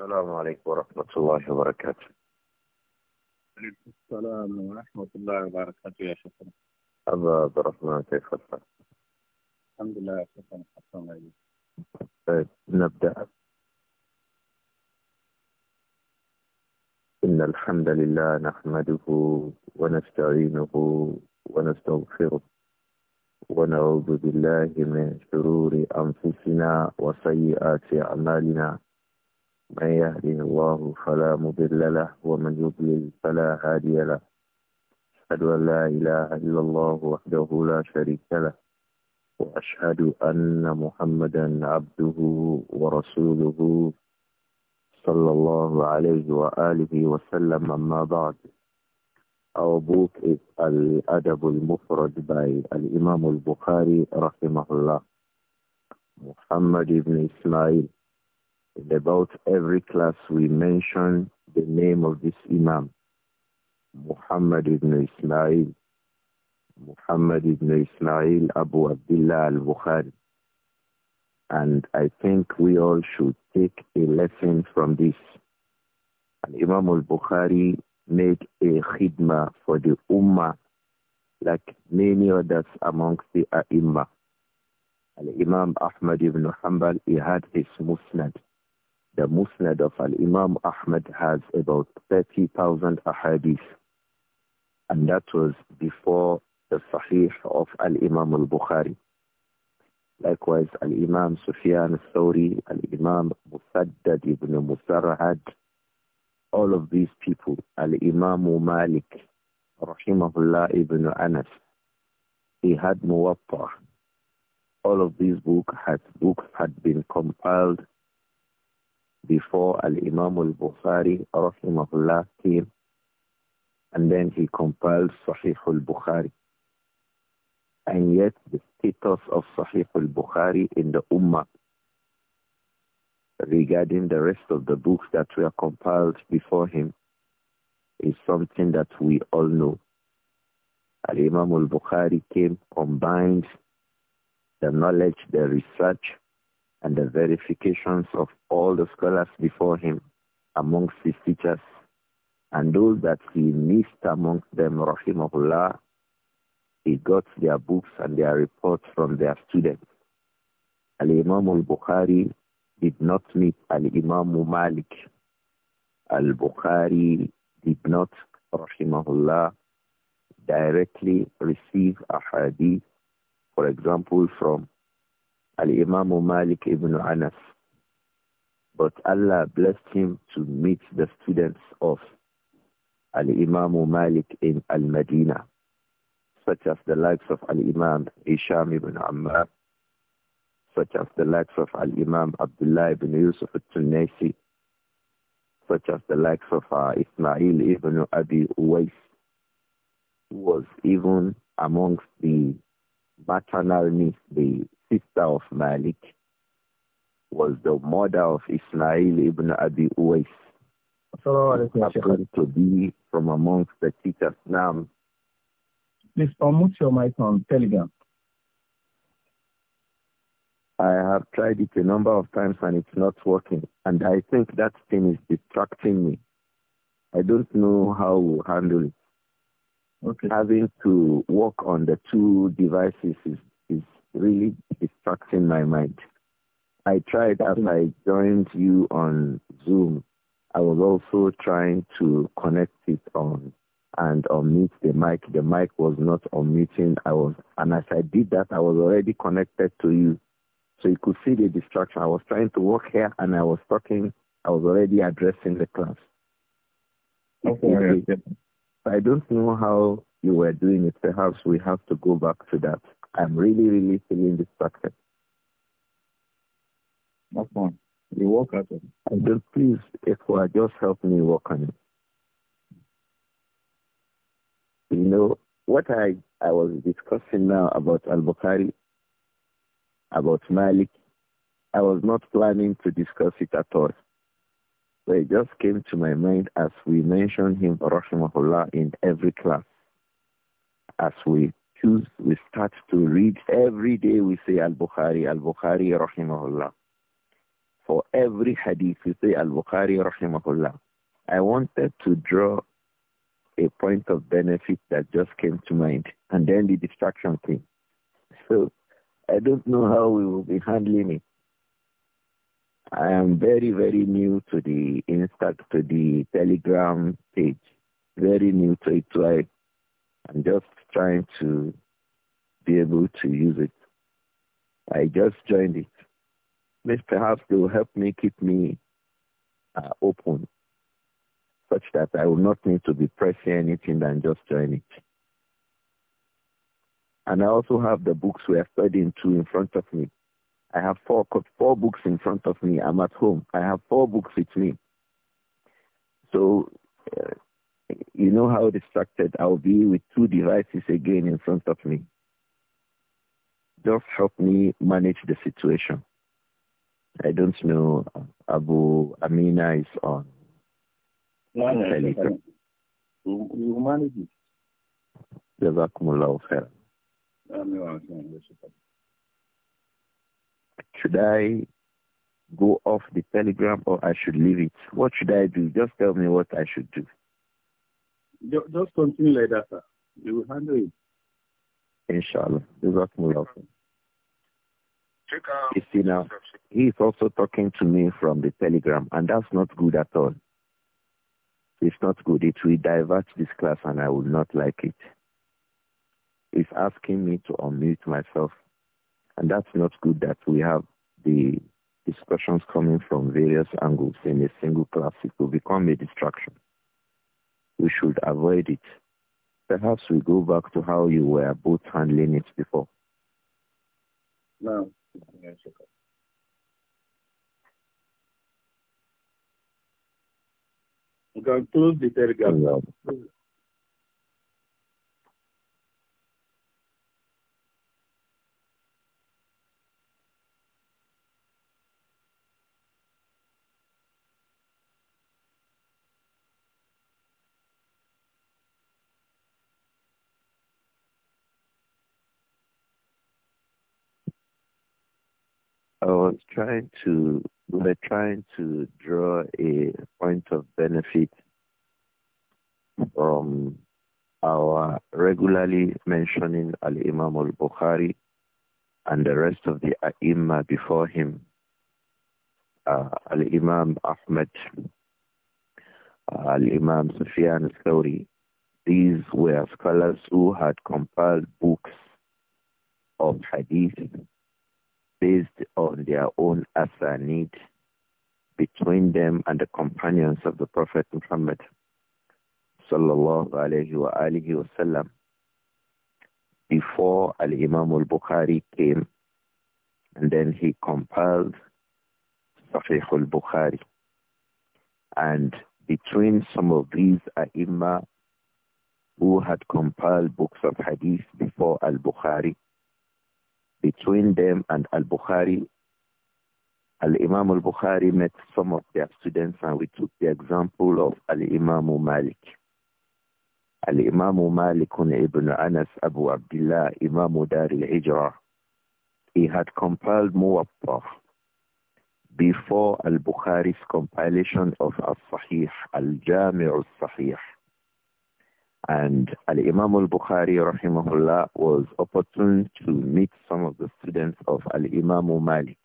السلام عليكم ورحمة الله وبركاته عليكم السلام ورحمة الله وبركاته يا شيخ الله عبد الرحمن كيف حالك؟ الحمد لله يا شيخ حسن عليك طيب، نبدأ إن الحمد لله نحمده ونستعينه ونستغفره ونعوذ بالله من شرور أنفسنا وسيئات أعمالنا من يهده الله فلا مضل له ومن يضلل فلا هادي له أشهد أن لا إله إلا الله وحده لا شريك له وأشهد أن محمدا عبده ورسوله صلى الله عليه وآله وسلم أما بعد Our book is Al-Adab al-Mufrad by Al-Imam al-Bukhari rahimahullah Muhammad ibn Ismail In about every class, we mention the name of this Imam, Muhammad ibn Ismail, Muhammad ibn Ismail Abu Abdullah al-Bukhari. And I think we all should take a lesson from this. And Imam al-Bukhari made a khidmah for the Ummah like many others amongst the ai am Al-Imam Ahmad ibn Hanbal, he had his musnad. The Musnad of Al-Imam Ahmad has about 30,000 ahadith. And that was before the Sahih of Al-Imam Al-Bukhari. Likewise, Al-Imam Sufyan Thawri, Al-Imam Musaddad ibn Musarhad, all of these people, Al-Imam Malik, Rahimahullah ibn Anas, he had Muwatta. All of these books had, books had been compiled before Al-Imam al-Bukhari rahimahullah came and then he compiled Sahih al-Bukhari. And yet the status of Sahih al-Bukhari in the Ummah regarding the rest of the books that were compiled before him is something that we all know. Al-Imam al-Bukhari came, combined the knowledge, the research and the verifications of all the scholars before him amongst his teachers and those that he missed amongst them, rahimahullah, he got their books and their reports from their students. Al-Imam al-Bukhari did not meet Al-Imam Malik. Al-Bukhari did not, rahimahullah, directly receive a hadith, for example, from Al-Imam Malik ibn Anas. But Allah blessed him to meet the students of Al-Imam Malik in Al-Madinah, such as the likes of Al-Imam Isham ibn Ammar, such as the likes of Al-Imam Abdullah ibn Yusuf al-Tunaysi, such as the likes of uh, Ismail ibn Abi Uwais, who was even amongst the maternal niece, the sister of Malik, was the mother of Ismail ibn Abi Uwais. Happened to be from amongst the teachers now. Please unmute your mic on Telegram. I have tried it a number of times and it's not working. And I think that thing is distracting me. I don't know how we will handle it. Okay. Having to work on the two devices is really distracting my mind. I tried as I joined you on Zoom. I was also trying to connect it on and unmute the mic. The mic was not unmuting. I was, and as I did that, I was already connected to you. So you could see the distraction. I was trying to work here and I was talking. I was already addressing the class. Okay. I don't know how you were doing it. Perhaps we have to go back to that. I'm really, really feeling distracted. That's fine. You work at it. And if please, are just help me work on it. You know, what I, I was discussing now about Al-Bukhari, about Malik, I was not planning to discuss it at all. But it just came to my mind as we mention him, Rahimahullah, in every class as we choose, we start to read. Every day we say Al-Bukhari, Al-Bukhari, Rahimahullah. For every hadith we say Al-Bukhari, Rahimahullah. I wanted to draw a point of benefit that just came to mind, and then the distraction came. So I don't know how we will be handling it. I am very, very new to the Insta, to the Telegram page. Very new to it. So I I'm just trying to be able to use it. I just joined it. This perhaps they will help me keep me uh, open such that I will not need to be pressing anything than just join it. And I also have the books we are studying two in front of me. I have four, four books in front of me. I'm at home. I have four books with me. So uh, you know how distracted I'll be with two devices again in front of me. Just help me manage the situation. I don't know. Abu Amina is on. No, no, no, no. You manage it. Jazakumullah her? Should I go off the telegram or I should leave it? What should I do? Just tell me what I should do. Just continue like that, sir. We will handle it. Inshallah. Jazakumullah. Uh, you see now, he is also talking to me from the telegram, and that's not good at all. It's not good. It will divert this class, and I would not like it. He's asking me to unmute myself, and that's not good that we have the discussions coming from various angles in a single class. It will become a distraction we should avoid it. Perhaps we go back to how you were both handling it before. No. We can close the telegram. trying to we are trying to draw a point of benefit from our regularly mentioning Al-Imam al-Bukhari and the rest of the ai before him, uh, Al-Imam Ahmed, Ali Al-Imam Sufyan al-Thawri. These were scholars who had compiled books of hadith based on their own need, between them and the companions of the Prophet Muhammad sallallahu alayhi wa alihi wasallam before Al-Imam al-Bukhari came and then he compiled Sahih al-Bukhari and between some of these ai who had compiled books of hadith before al-Bukhari between them and Al-Bukhari. Al-Imam Al-Bukhari met some of their students and we took the example of Al-Imam Malik. Al-Imam Malik ibn Anas Abu Abdullah, Imam Dar al-Hijrah. He had compiled Muwattah before Al-Bukhari's compilation of Al-Sahih, Al-Jami' Al-Sahih. And Al-Imam al-Bukhari rahimahullah was opportune to meet some of the students of Al-Imam Malik.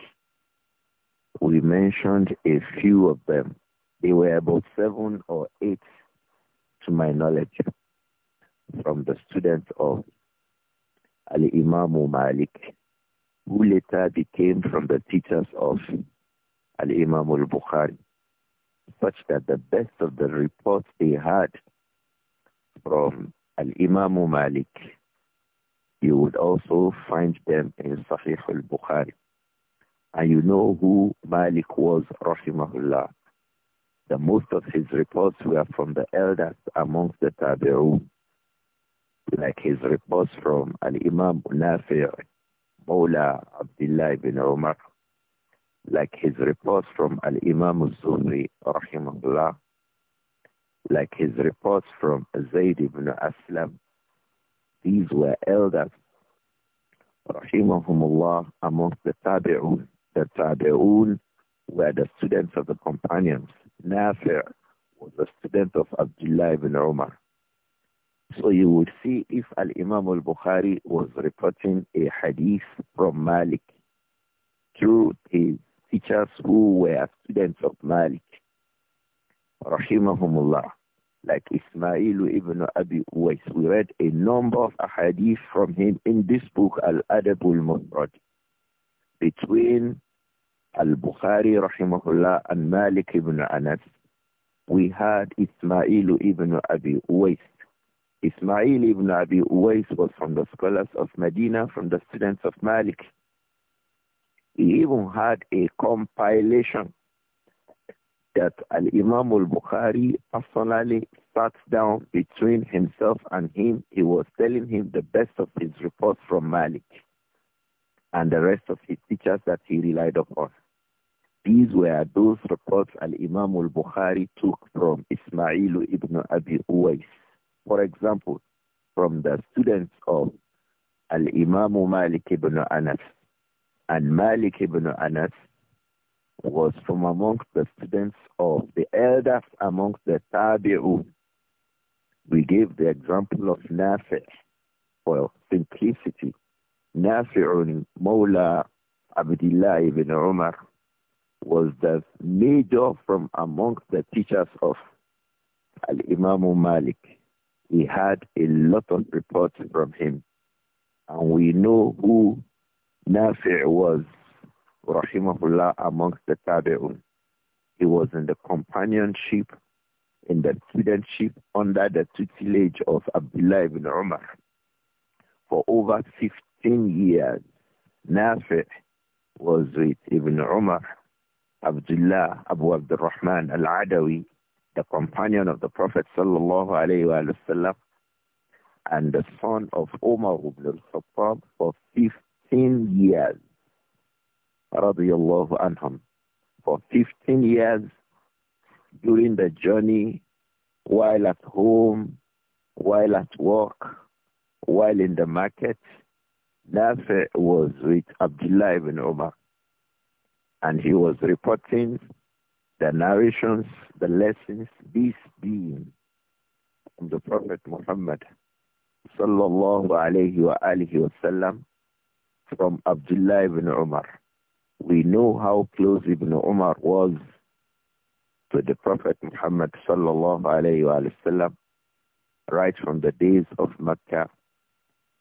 We mentioned a few of them. They were about seven or eight to my knowledge from the students of Al-Imam Malik who later became from the teachers of Al-Imam al-Bukhari, such that the best of the reports they had from Al-Imam Malik. You would also find them in Sahih al-Bukhari. And you know who Malik was, rahimahullah. The most of his reports were from the elders amongst the Tabi'un, like his reports from Al-Imam Nafi' Mawla Abdullah ibn Umar, like his reports from Al-Imam al-Zuhri, rahimahullah, like his reports from Zayd ibn Aslam. These were elders, rahimahumullah, amongst the Tabi'un. The Tabi'un were the students of the companions. Nafir was a student of Abdullah ibn Umar. So you would see if Al-Imam al-Bukhari was reporting a hadith from Malik through his teachers who were students of Malik rahimahumullah, like Ismail ibn Abi Uwais. We read a number of ahadith from him in this book, al Adabul al between Al-Bukhari rahimahullah and Malik ibn Anas. We had Ismail ibn Abi Uwais. Ismail ibn Abi Uwais was from the scholars of Medina, from the students of Malik. He even had a compilation that Al-Imam al-Bukhari personally sat down between himself and him. He was telling him the best of his reports from Malik and the rest of his teachers that he relied upon. These were those reports Al-Imam al-Bukhari took from Ismail ibn Abi Uwais. For example, from the students of Al-Imam Malik ibn Anas. And Malik ibn Anas was from amongst the students of the elders amongst the Tabi'u. We gave the example of Nafi' for simplicity. Nafi'un Mawla Abdullah ibn Umar was the major from amongst the teachers of Al-Imam Malik. He had a lot of reports from him. And we know who Nafi' was rahimahullah, amongst the Tabi'un. He was in the companionship, in the studentship under the tutelage of Abdullah ibn Umar for over 15 years. Nafi was with Ibn Umar, Abdullah, Abu Abdurrahman al-Adawi, the companion of the Prophet sallallahu alayhi wasallam, and the son of Umar ibn al-Khattab for 15 years radiallahu anhum, for 15 years during the journey, while at home, while at work, while in the market, Nafi was with Abdullah ibn Umar. And he was reporting the narrations, the lessons, this being from the Prophet Muhammad sallallahu alayhi wa alihi wasallam from Abdullah ibn Umar we know how close Ibn Umar was to the Prophet Muhammad sallallahu alayhi wa sallam right from the days of Mecca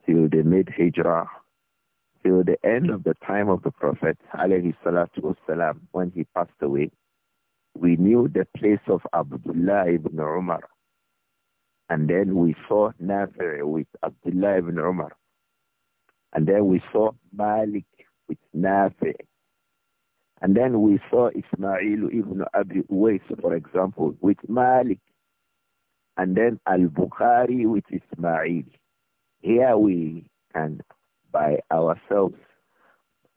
till the mid-Hijrah, till the end of the time of the Prophet alayhi salatu wasalam, when he passed away. We knew the place of Abdullah ibn Umar. And then we saw Nafir with Abdullah ibn Umar. And then we saw Malik with Nafir and then we saw Ismail ibn Abi Uwais, for example, with Malik. And then Al-Bukhari with Ismail. Here we can, by ourselves,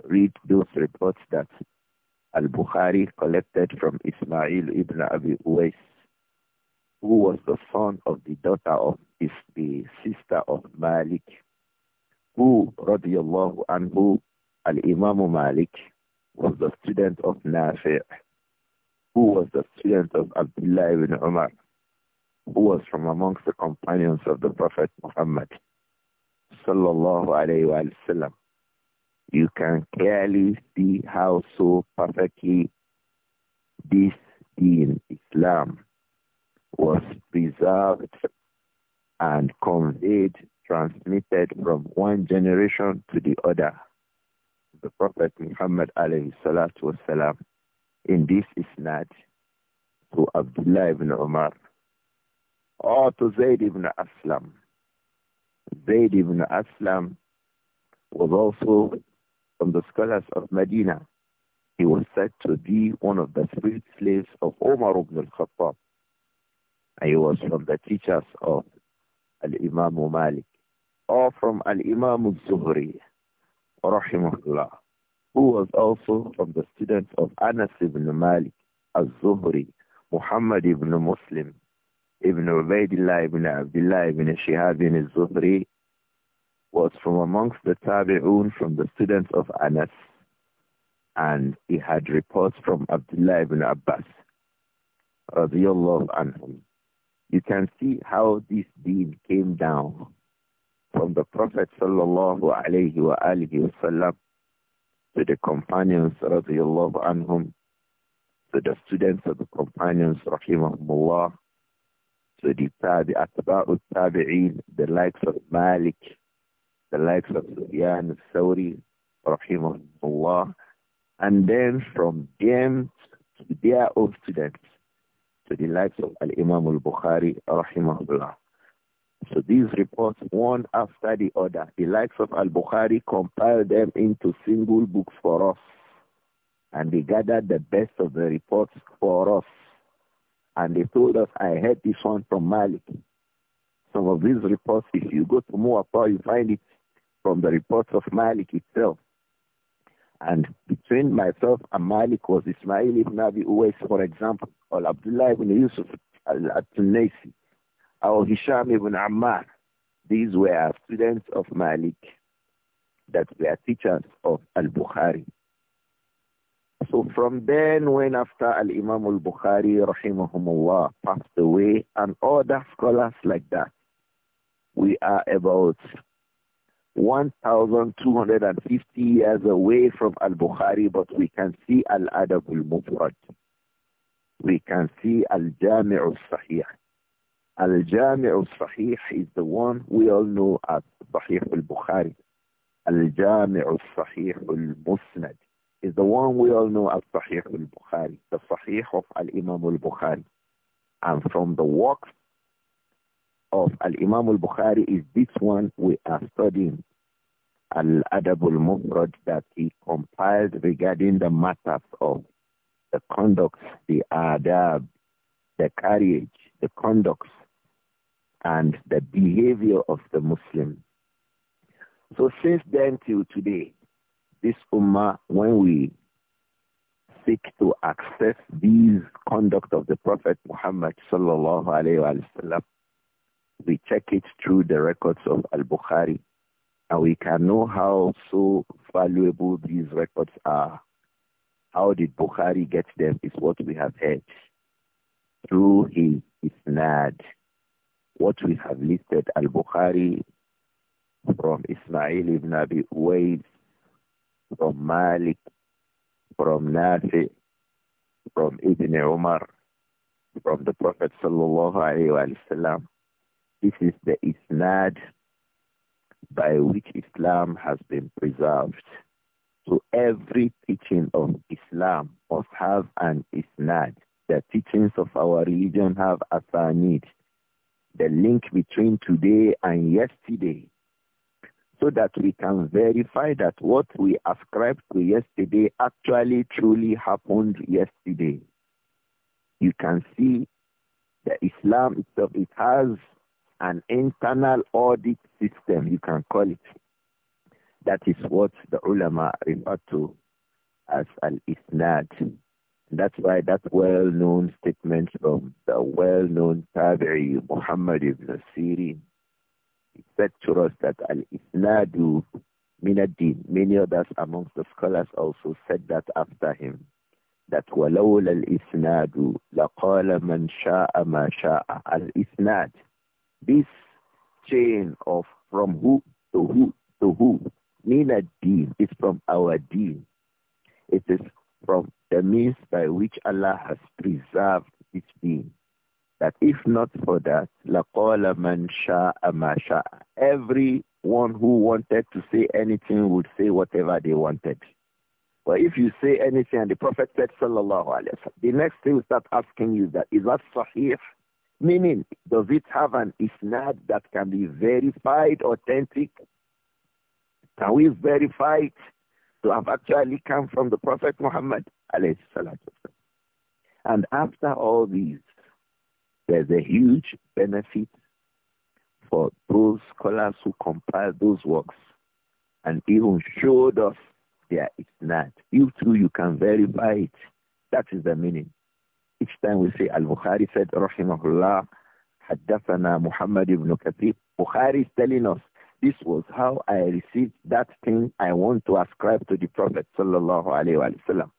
read those reports that Al-Bukhari collected from Ismail ibn Abi Uwais, who was the son of the daughter of is the sister of Malik, who, radiallahu anhu, Al-Imam Malik, was the student of Nafi' who was the student of Abdullah ibn Umar who was from amongst the companions of the Prophet Muhammad sallallahu alayhi wa sallam. You can clearly see how so perfectly this deen, Islam, was preserved and conveyed, transmitted from one generation to the other the Prophet Muhammad alayhi salatu wasalam in this isnad to Abdullah ibn Umar or to Zayd ibn Aslam. Zayd ibn Aslam was also from the scholars of Medina. He was said to be one of the three slaves of Omar ibn al-Khattab. And he was from the teachers of Al-Imam Malik or from Al-Imam al-Zuhri rahimahullah, who was also from the students of Anas ibn Malik, Az-Zuhri, Muhammad ibn Muslim, Ibn Ubaidillah ibn Abdullah ibn Shihab ibn Zuhri, was from amongst the Tabi'un from the students of Anas, and he had reports from Abdullah ibn Abbas, radiallahu anhum. You can see how this deed came down from the Prophet sallallahu alayhi wa alihi to the companions radiyallahu anhum, to the students of the companions rahimahumullah, to the tabi, atba'u tabi'in, the likes of Malik, the likes of Sufyan al-Thawri rahimahumullah, and then from them to their own students, to the likes of Al-Imam al-Bukhari rahimahullah. So these reports, one after the other, the likes of Al-Bukhari compiled them into single books for us. And they gathered the best of the reports for us. And they told us, I heard this one from Malik. Some of these reports, if you go to Muwatta, you find it from the reports of Malik itself. And between myself and Malik was Ismail ibn Abi Uwais, for example, or Abdullah ibn Yusuf al-Tunisi. Our Hisham ibn Ammar. These were students of Malik that were teachers of Al-Bukhari. So from then, when after Al-Imam Al-Bukhari, rahimahumullah, passed away, and other scholars like that, we are about 1,250 years away from Al-Bukhari, but we can see Al-Adab al-Mufrad. We can see Al-Jami' al-Sahih. Al-Jami' al-Sahih is the one we all know as Sahih al-Bukhari. Al-Jami' al-Sahih al-Musnad is the one we all know as Sahih al-Bukhari, the Sahih of Al-Imam al-Bukhari. And from the works of Al-Imam al-Bukhari is this one we are studying, Al-Adab al-Mufrad, that he compiled regarding the matters of the conducts, the adab, the carriage, the conducts and the behavior of the Muslim. So since then till today, this Ummah, when we seek to access these conduct of the Prophet Muhammad sallallahu alayhi wa we check it through the records of Al-Bukhari, and we can know how so valuable these records are. How did Bukhari get them is what we have heard through his isnad, what we have listed, Al-Bukhari from Ismail ibn Abi Uwaid, from Malik, from Nafi, from Ibn Umar, from the Prophet sallallahu alaihi wasallam. This is the isnad by which Islam has been preserved. So every teaching of Islam must have an isnad. The teachings of our religion have a need the link between today and yesterday so that we can verify that what we ascribe to yesterday actually truly happened yesterday. You can see the Islam itself, it has an internal audit system, you can call it. That is what the ulama refer to as al-isnad that's why that well-known statement from the well-known Tabi'i Muhammad ibn Sirin he said to us that al-isnadu min din Many others amongst the scholars also said that after him. That walawla al-isnadu laqala man sha'a ma sha'a al-isnad. This chain of from who to who to who min din is from our deen. It is from the means by which Allah has preserved this being. That if not for that, لَقَالَ مَنْ شَاءَ مَا شَاءَ Everyone who wanted to say anything would say whatever they wanted. But if you say anything, and the Prophet said, sallallahu alayhi wa the next thing we start asking you that, is that sahih? Meaning, does it have an isnad that can be verified, authentic? Can we verify it? to have actually come from the Prophet Muhammad And after all these, there's a huge benefit for those scholars who compiled those works and even showed us their isnad. You too, you can verify it. That is the meaning. Each time we say Al-Bukhari said, Rahimahullah, Haddathana Muhammad ibn Kathir. Bukhari is telling us this was how I received that thing I want to ascribe to the Prophet sallallahu alaihi wasallam.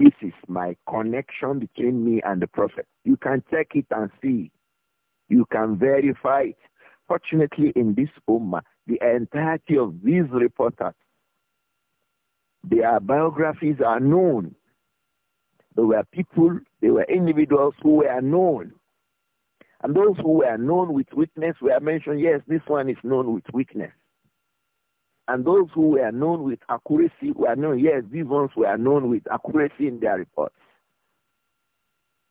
This is my connection between me and the Prophet. You can check it and see. You can verify it. Fortunately, in this Ummah, the entirety of these reporters, their biographies are known. They were people, they were individuals who were known. And those who were known with weakness were mentioned, yes, this one is known with weakness. And those who were known with accuracy were known, yes, these ones were known with accuracy in their reports.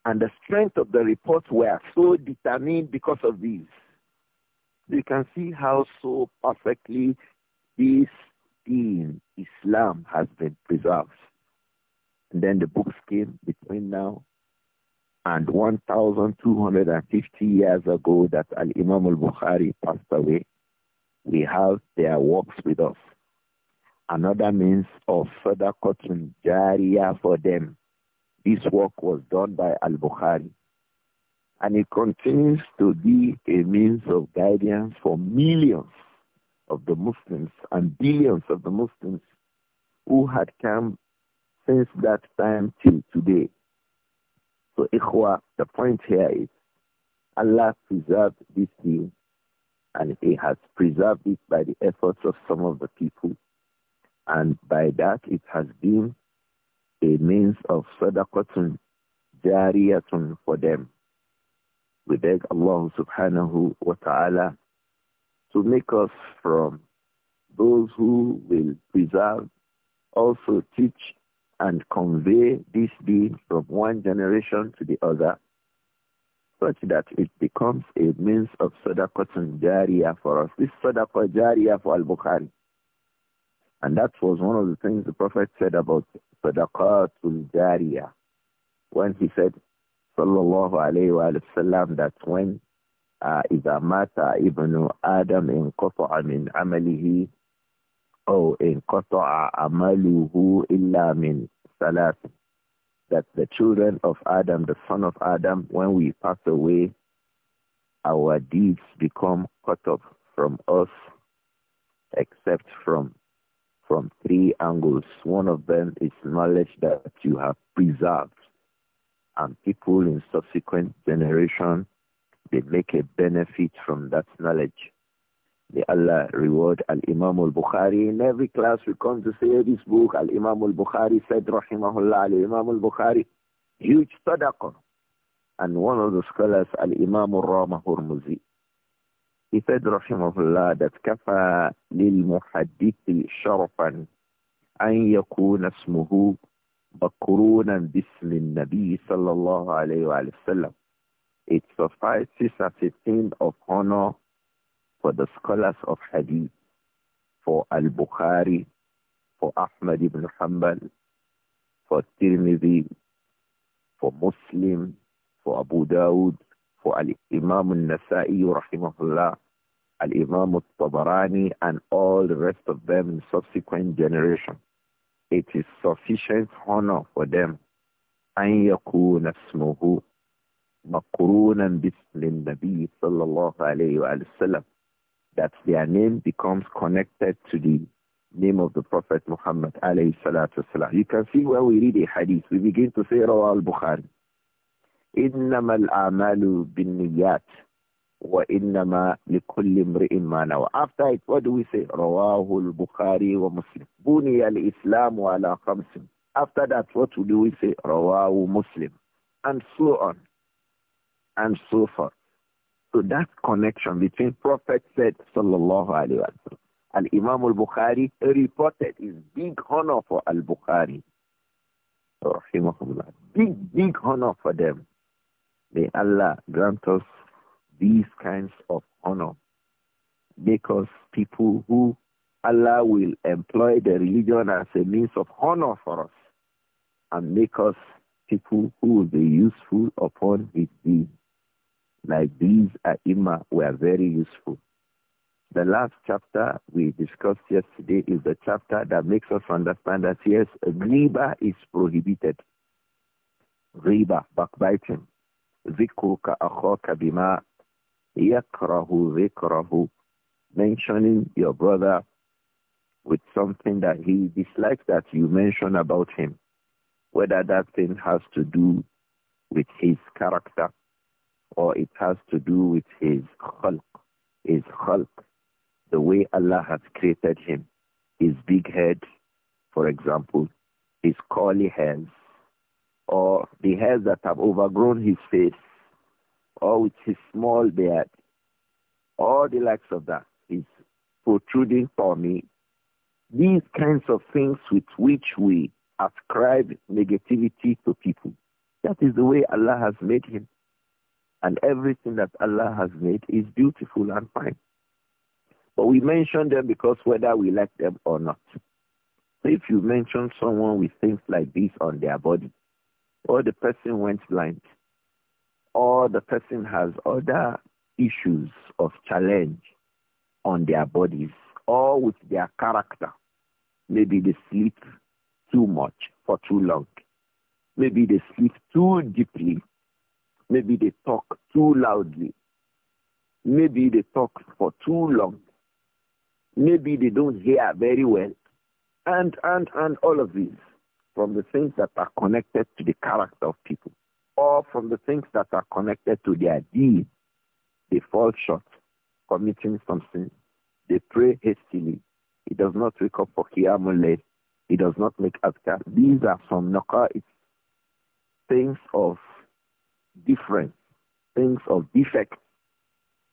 And the strength of the reports were so determined because of these. You can see how so perfectly this in Islam, has been preserved. And then the books came between now and 1,250 years ago that Al-Imam al-Bukhari passed away, we have their works with us. Another means of further cutting jaria for them. This work was done by Al-Bukhari. And it continues to be a means of guidance for millions of the Muslims and billions of the Muslims who had come since that time till today so ikhwa, the point here is Allah preserved this thing, and he has preserved it by the efforts of some of the people and by that it has been a means of sadaqatun jariyatun for them. We beg Allah subhanahu wa ta'ala to make us from those who will preserve, also teach and convey this deed from one generation to the other such that it becomes a means of sadaqah jariyah for us. This sadaqah jariyah for Al-Bukhari. And that was one of the things the Prophet said about sadaqatul jariyah when he said, sallallahu alayhi wa, alayhi wa sallam, that when uh, إذا مات ابن آدم انقطع من عمله أو انقطع amaluhu إلا min salat. That the children of Adam, the son of Adam, when we pass away, our deeds become cut off from us, except from from three angles. One of them is knowledge that you have preserved. And people in subsequent generation, they make a benefit from that knowledge. May Allah reward Al-Imam al-Bukhari. In every class we come to say this book, Al-Imam al-Bukhari said, Rahimahullah, Al-Imam al-Bukhari, huge sadaqah. And one of the scholars, Al-Imam al-Rama Hurmuzi, he said, Rahimahullah, that kafa lil-muhaddithi sharafan an yakuna asmuhu bakrunan bismi nabi sallallahu alayhi wa sallam. It suffices as a thing of honor for the scholars of Hadith, for Al-Bukhari, for Ahmad ibn Hanbal, for Tirmidhi, for Muslim, for Abu Dawud, for Al-Imam al-Nasa'i rahimahullah, Al-Imam al-Tabarani and all the rest of them in subsequent generations. It is sufficient honor for them أن يكون اسمه مقرونا باسم النبي صلى الله عليه وآله وسلم that their name becomes connected to the name of the Prophet Muhammad alayhi salatu wasalam. You can see when we read a hadith, we begin to say Rawah al-Bukhari. إِنَّمَا الْأَعْمَالُ بِالنِّيَّاتِ وَإِنَّمَا لِكُلِّ امْرِئٍ مَا نَوَى After it, what do we say? رواه البخاري ومسلم بني الإسلام على خمس After that, what do we say? رواه مسلم And so on. And so forth. So that connection between Prophet said, Sallallahu Alaihi Wasallam, and Imam al-Bukhari reported is big honor for al-Bukhari. Big, big honor for them. May Allah grant us these kinds of honor. Because people who Allah will employ the religion as a means of honor for us and make us people who will be useful upon his deeds like these Aima were very useful. The last chapter we discussed yesterday is the chapter that makes us understand that yes, riba is prohibited. Riba, backbiting. vikuka أخاك بما yakrahu vikrahu, mentioning your brother with something that he dislikes that you mention about him, whether that thing has to do with his character or it has to do with his khalq, his khalq, the way Allah has created him, his big head, for example, his curly hands, or the hairs that have overgrown his face, or with his small beard, all the likes of that, his protruding me. these kinds of things with which we ascribe negativity to people. That is the way Allah has made him. And everything that Allah has made is beautiful and fine. But we mention them because whether we like them or not. So if you mention someone with things like this on their body, or the person went blind, or the person has other issues of challenge on their bodies, or with their character, maybe they sleep too much for too long, maybe they sleep too deeply Maybe they talk too loudly. Maybe they talk for too long. Maybe they don't hear very well. And, and, and all of these from the things that are connected to the character of people or from the things that are connected to their deeds. They fall short, committing something. They pray hastily. He does not wake up for Qiyamul It He does not make adhkar. These are some It's things of Different things of defect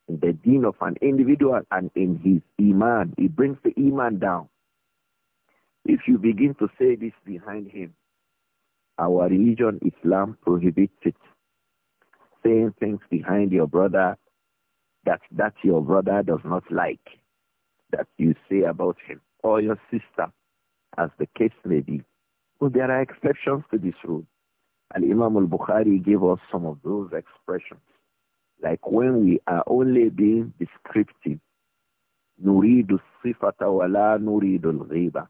in the deen of an individual and in his iman. He brings the iman down. If you begin to say this behind him, our religion, Islam, prohibits it. Saying things behind your brother that that your brother does not like, that you say about him, or your sister, as the case may be. well, there are exceptions to this rule. And Imam al-Bukhari gave us some of those expressions. Like when we are only being descriptive, nuridu sifata wala nuridu ghiba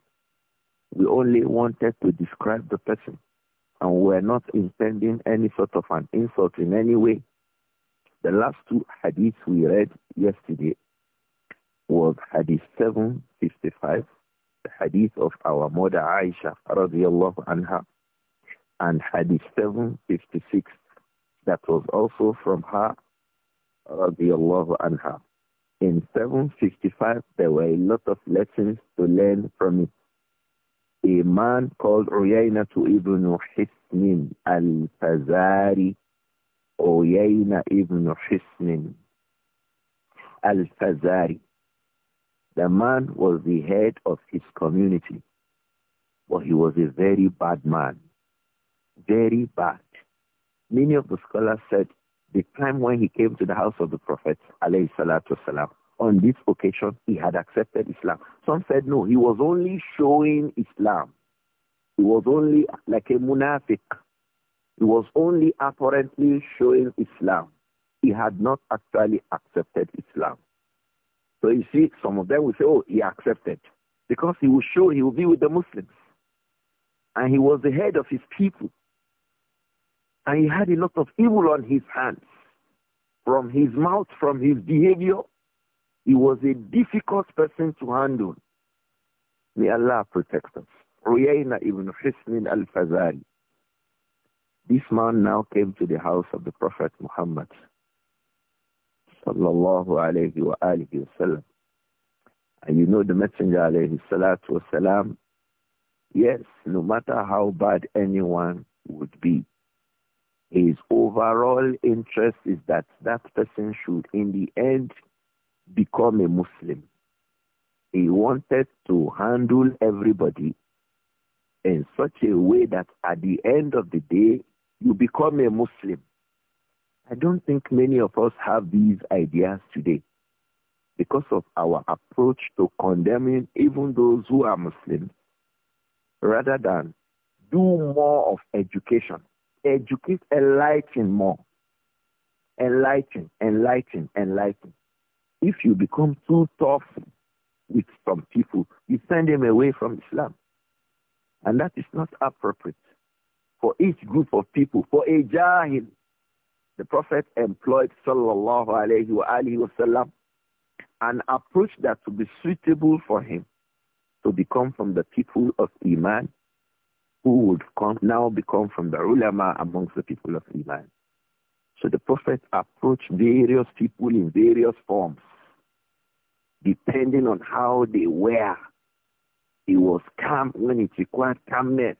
We only wanted to describe the person and we are not intending any sort of an insult in any way. The last two hadiths we read yesterday was hadith 755, the hadith of our mother Aisha radiallahu anha, and Hadith 756. That was also from her, radiallahu anha. In 755, there were a lot of lessons to learn from it. A man called Uyayna to Ibn Hisnin al-Fazari, Uyayna Ibn Hisnin al-Fazari. The man was the head of his community, but he was a very bad man very bad. Many of the scholars said the time when he came to the house of the Prophet, alayhi on this occasion, he had accepted Islam. Some said no, he was only showing Islam. He was only like a munafiq. He was only apparently showing Islam. He had not actually accepted Islam. So you see, some of them will say, oh, he accepted. Because he will show, he will be with the Muslims. And he was the head of his people. And he had a lot of evil on his hands. From his mouth, from his behavior, he was a difficult person to handle. May Allah protect us. Uyayna ibn Hisnin al-Fazari. This man now came to the house of the Prophet Muhammad sallallahu alayhi wa wasallam. And you know the Messenger alayhi salatu wasalam, yes, no matter how bad anyone would be, his overall interest is that that person should, in the end, become a Muslim. He wanted to handle everybody in such a way that at the end of the day, you become a Muslim. I don't think many of us have these ideas today because of our approach to condemning even those who are Muslims rather than do more of education educate, enlighten more. Enlighten, enlighten, enlighten. If you become too tough with some people, you send them away from Islam. And that is not appropriate for each group of people, for a jahil. The Prophet employed, sallallahu alayhi wa alayhi wa sallam, an approach that would be suitable for him to become from the people of Iman who would come, now become from the ulama amongst the people of Iman. So the Prophet approached various people in various forms, depending on how they were. He was calm when it required calmness.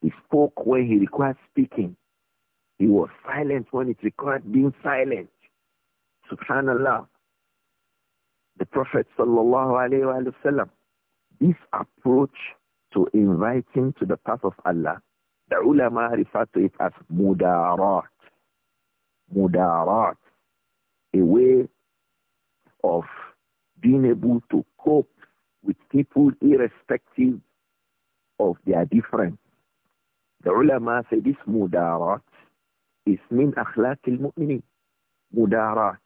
He spoke when he required speaking. He was silent when it required being silent. Subhanallah. The Prophet sallallahu alaihi wasallam. This approach to invite him to the path of Allah, the ulama refer to it as mudarat. Mudarat, a way of being able to cope with people irrespective of their difference. The ulama say this mudarat is min akhlaq al-mu'minin. Mudarat.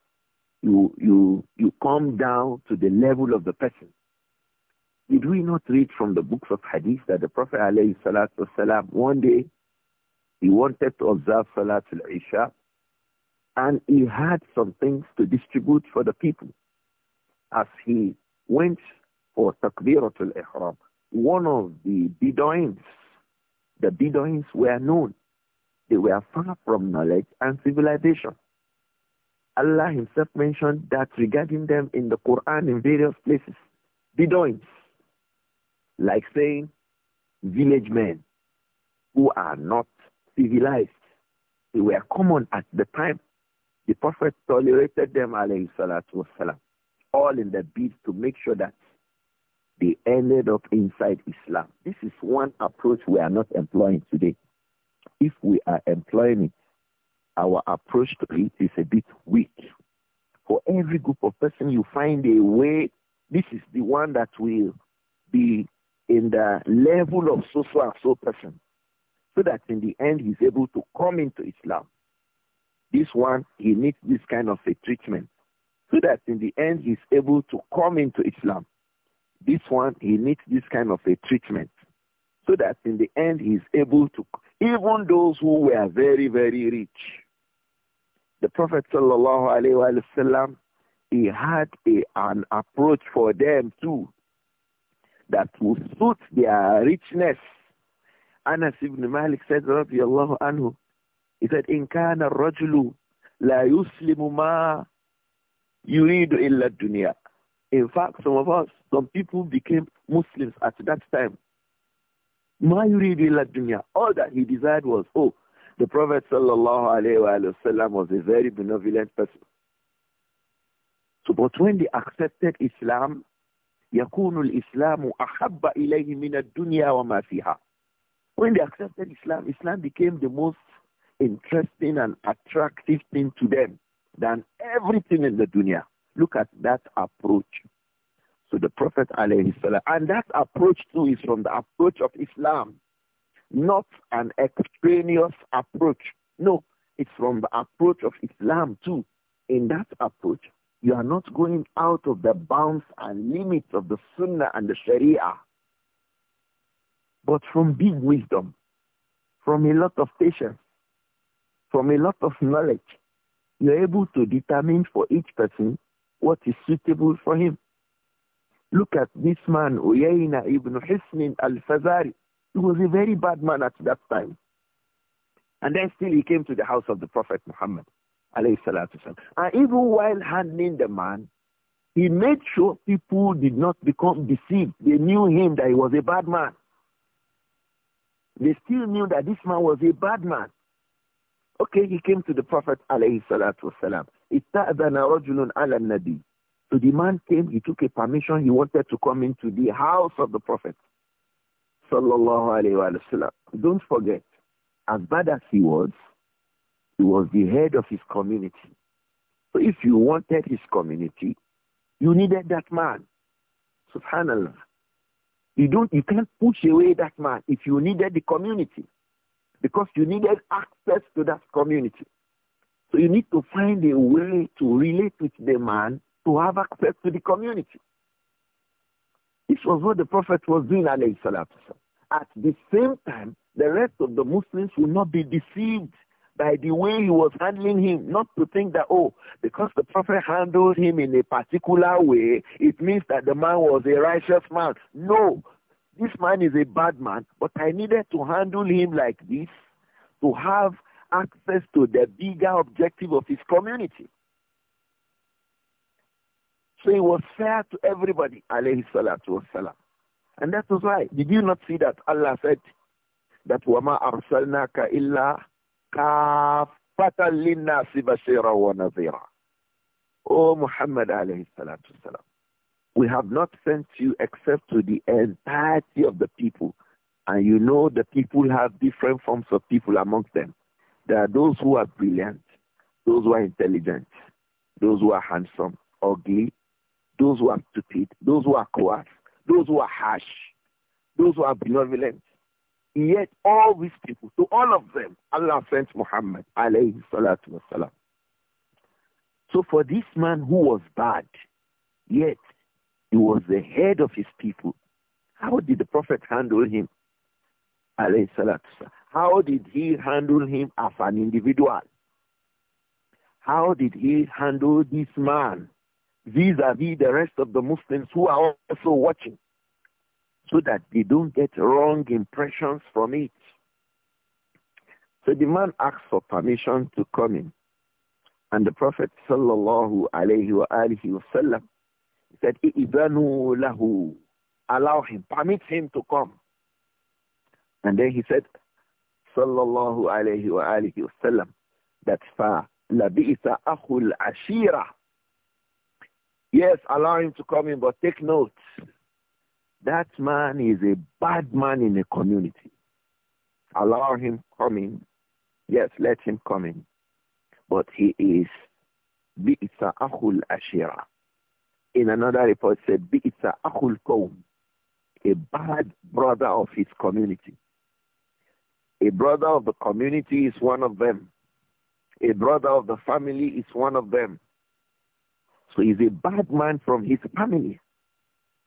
You, you, you come down to the level of the person. Did we not read from the books of hadith that the Prophet والسلام, one day he wanted to observe Salatul Isha and he had some things to distribute for the people. As he went for Takbiratul Ihram, one of the Bedouins, the Bedouins were known. They were far from knowledge and civilization. Allah himself mentioned that regarding them in the Quran in various places. Bedouins. Like saying village men who are not civilized. They were common at the time. The Prophet tolerated them, alayhi all in the bid to make sure that they ended up inside Islam. This is one approach we are not employing today. If we are employing it, our approach to it is a bit weak. For every group of person, you find a way. This is the one that will be in the level of so-so and so person so that in the end he's able to come into Islam. This one, he needs this kind of a treatment so that in the end he's able to come into Islam. This one, he needs this kind of a treatment so that in the end he's able to, even those who were very, very rich. The Prophet sallallahu alaihi wasallam, he had a, an approach for them too that will suit their richness. Anas ibn Malik said, radiallahu anhu, he said, إن كان الرجل لا يسلم ما يريد إلا الدنيا. In fact, some of us, some people became Muslims at that time. ما يريد إلا الدنيا. All that he desired was, oh, the Prophet sallallahu alayhi wasallam was a very benevolent person. So, but when they accepted Islam, يكون الإسلام أحب إليه من الدنيا وما فيها. When they accepted Islam, Islam became the most interesting and attractive thing to them than everything in the dunya. Look at that approach. So the Prophet and that approach too is from the approach of Islam, not an extraneous approach. No, it's from the approach of Islam too. In that approach, you are not going out of the bounds and limits of the Sunnah and the Sharia, but from big wisdom, from a lot of patience, from a lot of knowledge, you're able to determine for each person what is suitable for him. Look at this man, Uyayna ibn Hisnin al-Fazari. He was a very bad man at that time. And then still he came to the house of the Prophet Muhammad alayhi salatu And even while handling the man, he made sure people did not become deceived. They knew him that he was a bad man. They still knew that this man was a bad man. Okay, he came to the Prophet alayhi salatu wasalam. rajulun nabi. So the man came, he took a permission, he wanted to come into the house of the Prophet. Sallallahu alayhi wa Don't forget, as bad as he was, he was the head of his community. So if you wanted his community, you needed that man. Subhanallah. You don't you can't push away that man if you needed the community. Because you needed access to that community. So you need to find a way to relate with the man to have access to the community. This was what the Prophet was doing, alayhi salatu At the same time, the rest of the Muslims will not be deceived by the way he was handling him, not to think that, oh, because the prophet handled him in a particular way, it means that the man was a righteous man. No, this man is a bad man, but I needed to handle him like this to have access to the bigger objective of his community. So it was fair to everybody, alayhi salatu wasalam. And that was why, did you not see that Allah said that Wama arsalnaka illa. للناس بشيرا ونذيرا oh, we have not sent you except to the entirety of the people. And you know the people have different forms of people amongst them. There are those who are brilliant, those who are intelligent, those who are handsome, ugly, those who are stupid, those who are coarse, those who are harsh, those who are benevolent, Yet all these people, to all of them, Allah sent Muhammad alayhi salatu wasalam. So for this man who was bad, yet he was the head of his people, how did the Prophet handle him? Alayhi salatu wasalam. How did he handle him as an individual? How did he handle this man vis-a-vis -vis the rest of the Muslims who are also watching? so that they don't get wrong impressions from it. So the man asked for permission to come in. And the Prophet sallallahu alayhi wa said, Ibanu lahu. Allow him, permit him to come. And then he said, sallallahu alayhi wa wasallam, that fa labisa akhul ashira. Yes, allow him to come in, but take note. That man is a bad man in the community. Allow him come in. Yes, let him come in. But he is bi'isa akhul ashira. In another report said bi'isa akhul qawm. A bad brother of his community. A brother of the community is one of them. A brother of the family is one of them. So he's a bad man from his family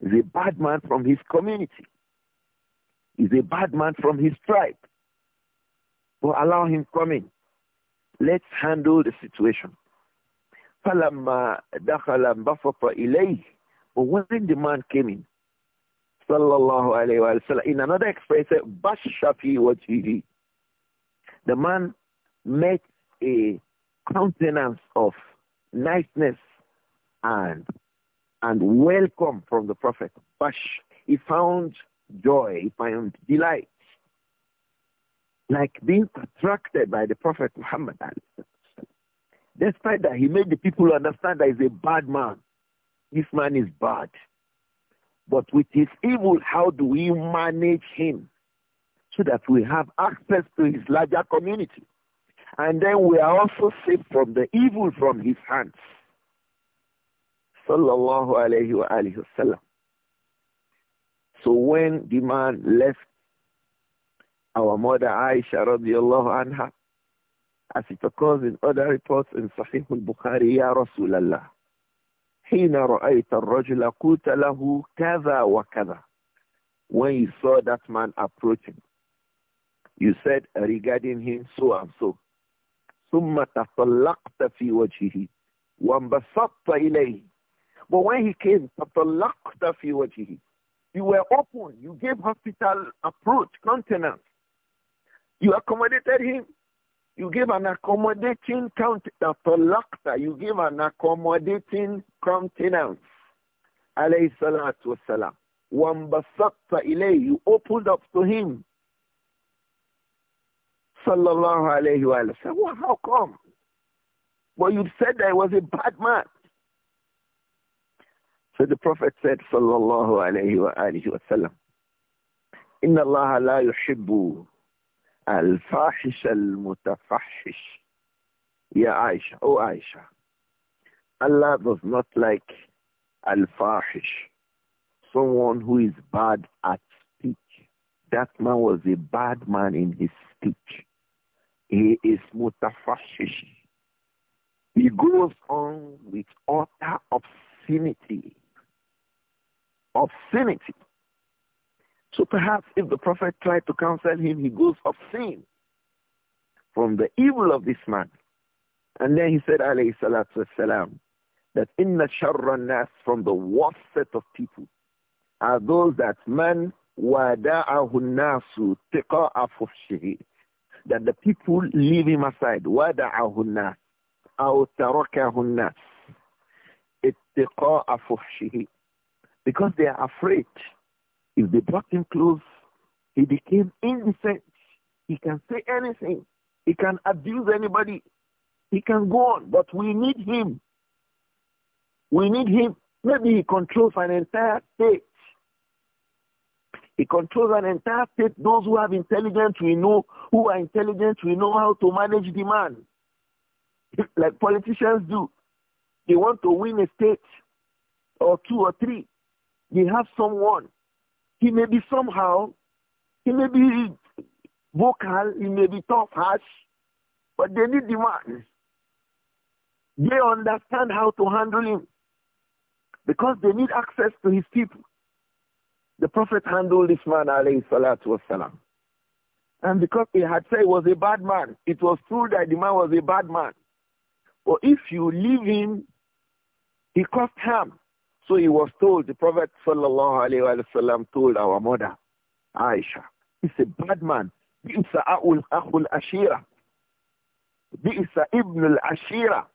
is a bad man from his community. Is a bad man from his tribe. But allow him come in. Let's handle the situation. فَلَمَّا دَخَلَ بَصَفَ إِلَيْهِ But when the man came in, sallallahu alayhi wa sallam, in another expression, بَشَّفِي وَجْهِهِ The man met a countenance of niceness and and welcome from the Prophet. Bash. He found joy, he found delight, like being attracted by the Prophet Muhammad. Despite that, he made the people understand that he's a bad man. This man is bad. But with his evil, how do we manage him so that we have access to his larger community? And then we are also safe from the evil from his hands. صلى الله عليه وآله وسلم. So when the man left our mother Aisha رضي الله عنها as it occurs in other reports in صحيح البخاري يا رسول الله حين رأيت الرجل قلت له كذا وكذا. When you saw that man approaching, you said regarding him so and so. ثم تطلقت في وجهه وانبسطت إليه But when he came, you were open. You gave hospital approach, countenance. You accommodated him. You gave an accommodating count countenance. You gave an accommodating countenance. Alayhi salatu wasalam. Wambasatta ilay. You opened up to him. Sallallahu alayhi wa sallam. Well, how come? Well, you said that he was a bad man. So the Prophet said, sallallahu alayhi wa alihi wa sallam, إِنَّ اللَّهَ لَا يُحِبُّ الْفَاحِشَ الْمُتَفَحِّشِ Ya Aisha, O oh Aisha, Allah does not like al-fahish, someone who is bad at speech. That man was a bad man in his speech. He is mutafashish. He goes on with utter obscenity obscenity. So perhaps if the prophet tried to counsel him, he goes obscene from the evil of this man. And then he said, alayhi salatu wasalam, that inna sharra nas from the worst set of people are those that man wada'ahu nasu tiqa'a that the people leave him aside wada'ahu nas aw tarakahu nas ittiqa'a fuhshihi because they are afraid. If they brought him close, he became indecent. He can say anything. He can abuse anybody. He can go on, but we need him. We need him. Maybe he controls an entire state. He controls an entire state. Those who have intelligence, we know. Who are intelligent, we know how to manage demand. like politicians do. They want to win a state or two or three. They have someone. He may be somehow. He may be vocal. He may be tough, harsh. But they need the man. They understand how to handle him. Because they need access to his people. The Prophet handled this man, alayhi salatu wasalam. And because he had said he was a bad man, it was true that the man was a bad man. But if you leave him, he caused harm. So he was told, the Prophet wasallam told our mother, Aisha, he's a bad man. بِئْسَ أَعُ الْأَخُ الْأَشِيرَةِ بِئْسَ إِبْنُ الْأَشِيرَةِ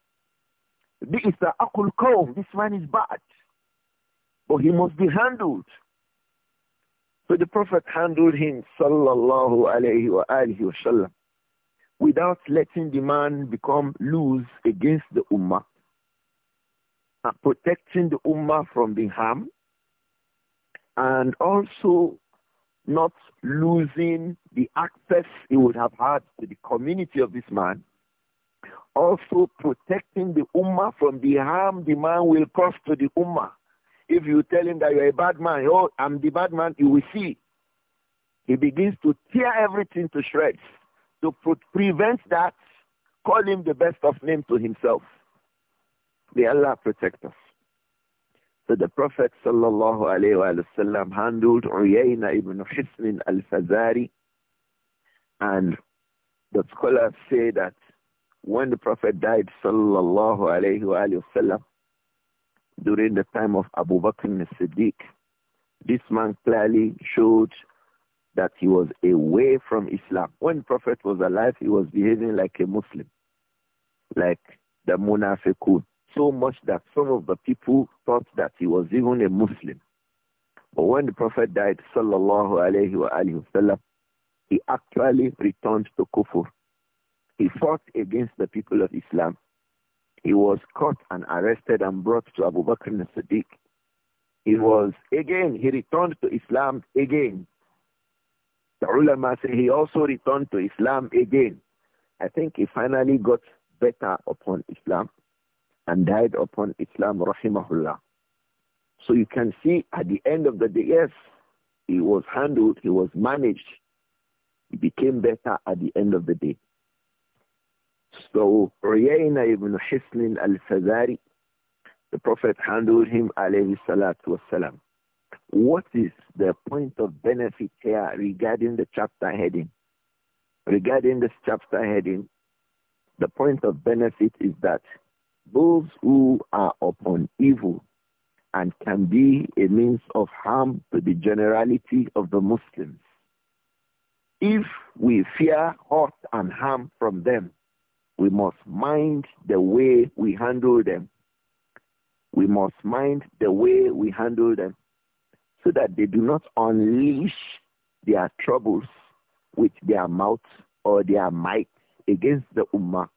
بِئْسَ أَقُ الْقَوْمِ This man is bad. But he must be handled. So the Prophet handled him, sallallahu alayhi wa sallam, without letting the man become loose against the ummah uh, protecting the ummah from the harm and also not losing the access he would have had to the community of this man. Also protecting the ummah from the harm the man will cause to the ummah. If you tell him that you're a bad man, oh, I'm the bad man, you will see. He begins to tear everything to shreds. To pre prevent that, call him the best of name to himself. May Allah protect us. So the Prophet sallallahu alayhi handled Uyayna ibn Hisn al-Fazari and the scholars say that when the Prophet died sallallahu alayhi during the time of Abu Bakr as-Siddiq, this man clearly showed that he was away from Islam. When the Prophet was alive, he was behaving like a Muslim, like the Munafiqun so much that some of the people thought that he was even a Muslim. But when the Prophet died, sallallahu alayhi wa alayhi wasallam, he actually returned to kufr. He fought against the people of Islam. He was caught and arrested and brought to Abu Bakr as-Siddiq. He was, again, he returned to Islam again. The ulama say he also returned to Islam again. I think he finally got better upon Islam and died upon Islam, rahimahullah. So you can see at the end of the day, yes, he was handled, he was managed, he became better at the end of the day. So Uyayna ibn Hislin al-Fazari, the Prophet handled him, alayhi salatu wasalam. What is the point of benefit here regarding the chapter heading? Regarding this chapter heading, the point of benefit is that those who are upon evil and can be a means of harm to the generality of the Muslims. If we fear hurt and harm from them, we must mind the way we handle them. We must mind the way we handle them so that they do not unleash their troubles with their mouth or their might against the Ummah.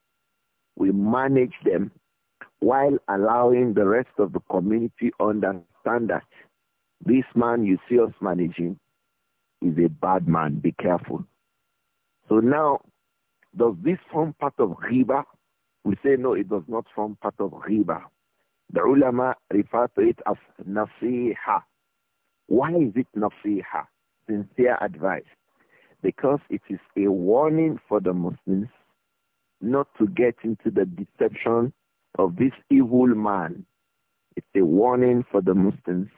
We manage them while allowing the rest of the community understand that this man you see us managing is a bad man. Be careful. So now, does this form part of riba? We say no, it does not form part of riba. The ulama refer to it as nasiha. Why is it nasiha? Sincere advice. Because it is a warning for the Muslims not to get into the deception of this evil man, it's a warning for the Muslims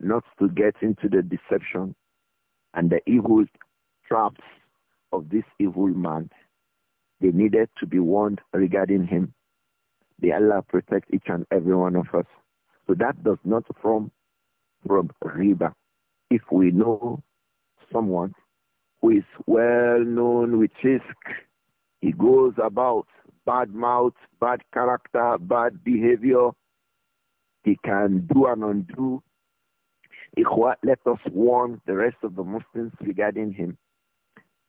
not to get into the deception and the evil traps of this evil man. They needed to be warned regarding him. May Allah protect each and every one of us. So that does not from from riba. If we know someone who is well known with risk, he goes about bad mouth, bad character, bad behavior. He can do and undo. let us warn the rest of the Muslims regarding him.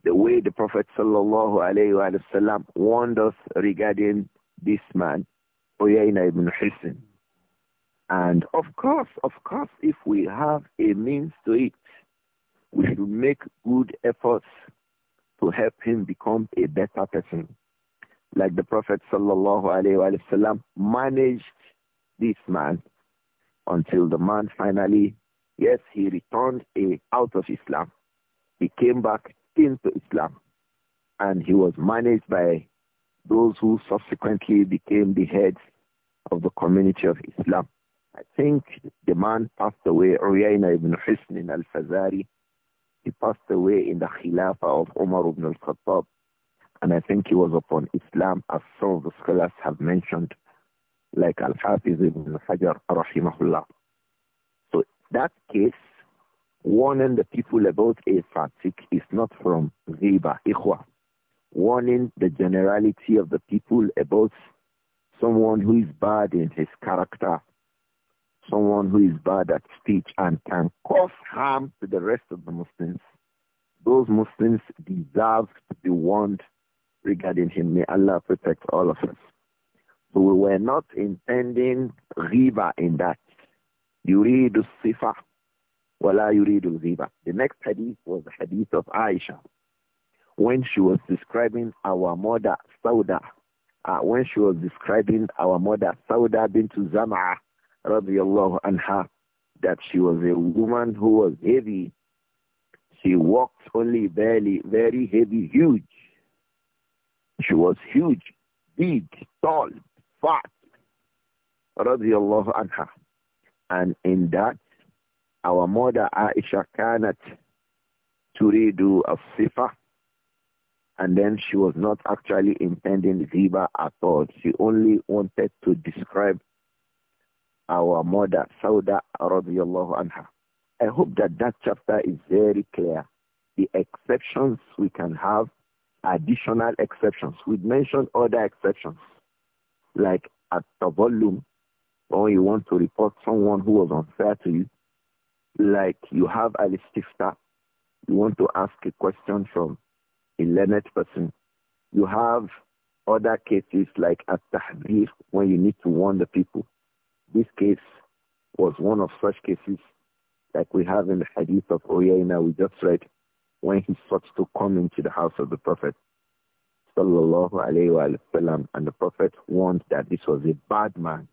The way the Prophet sallallahu alayhi wasallam warned us regarding this man, Uyayna ibn Hisn. And of course, of course, if we have a means to it, we should make good efforts to help him become a better person like the Prophet sallallahu alaihi wasallam managed this man until the man finally, yes, he returned a, out of Islam. He came back into Islam and he was managed by those who subsequently became the heads of the community of Islam. I think the man passed away, Uyayna ibn Husn al-Fazari. He passed away in the Khilafah of Umar ibn al-Khattab and I think he was upon Islam, as some of the scholars have mentioned, like Al-Hafiz ibn Hajar, rahimahullah. So that case, warning the people about a fatik is not from riba, ikhwa. Warning the generality of the people about someone who is bad in his character, someone who is bad at speech and can cause harm to the rest of the Muslims, those Muslims deserve to be warned regarding him. May Allah protect all of us. So we were not intending riba in that. Yuridu sifa wala yuridu riba. The next hadith was the hadith of Aisha when she was describing our mother Sauda. Uh, when she was describing our mother Sauda bint Zama'a radiallahu anha that she was a woman who was heavy. She walked only barely, very heavy, huge. She was huge, big, tall, fat, radiallahu anha. And in that, our mother Aisha kanat turidu as-sifa. And then she was not actually intending riba at all. She only wanted to describe our mother Sauda radiallahu anha. I hope that that chapter is very clear. The exceptions we can have additional exceptions. We mentioned other exceptions, like at the volume, or you want to report someone who was unfair to you, like you have a listifta, you want to ask a question from a learned person. You have other cases like at tahbir when you need to warn the people. This case was one of such cases like we have in the hadith of Uyayna we just read when he sought to come into the house of the Prophet sallallahu alayhi wasallam, and the Prophet warned that this was a bad man.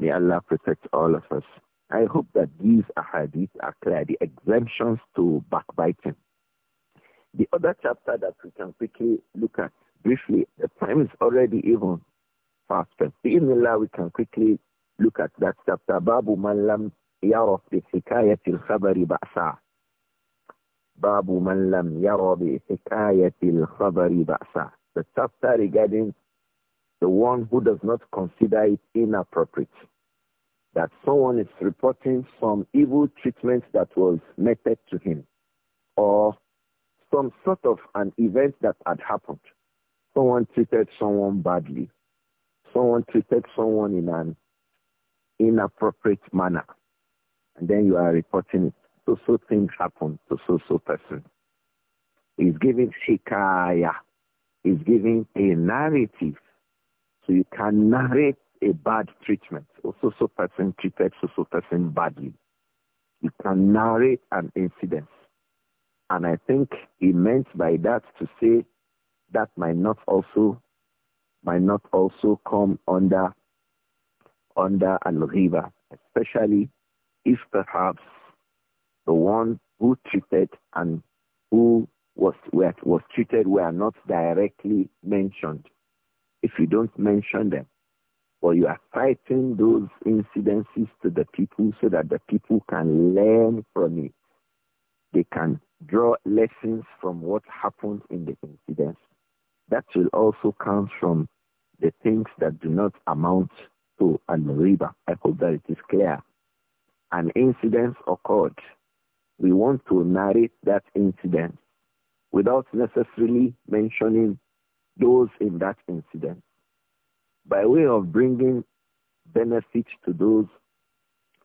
May Allah protect all of us. I hope that these ahadith are clear, the exemptions to backbiting. The other chapter that we can quickly look at briefly, the time is already even fast spent. we can quickly look at that chapter. Babu man lam yaraf bi hikayati khabari باب من لم بحكاية الخبر بأسا The chapter regarding the one who does not consider it inappropriate. That someone is reporting some evil treatment that was meted to him or some sort of an event that had happened. Someone treated someone badly. Someone treated someone in an inappropriate manner. And then you are reporting it so-so things happen to so-so person. He's giving shikaya. He's giving a narrative. So you can narrate a bad treatment. Or so-so person treated so-so person badly. You can narrate an incident. And I think he meant by that to say that might not also might not also come under under a river, especially if perhaps the one who treated and who was, was treated were not directly mentioned. If you don't mention them, well, you are citing those incidences to the people so that the people can learn from it. They can draw lessons from what happened in the incidents. That will also come from the things that do not amount to an riba. I hope that it is clear. An incident occurred we want to narrate that incident without necessarily mentioning those in that incident by way of bringing benefit to those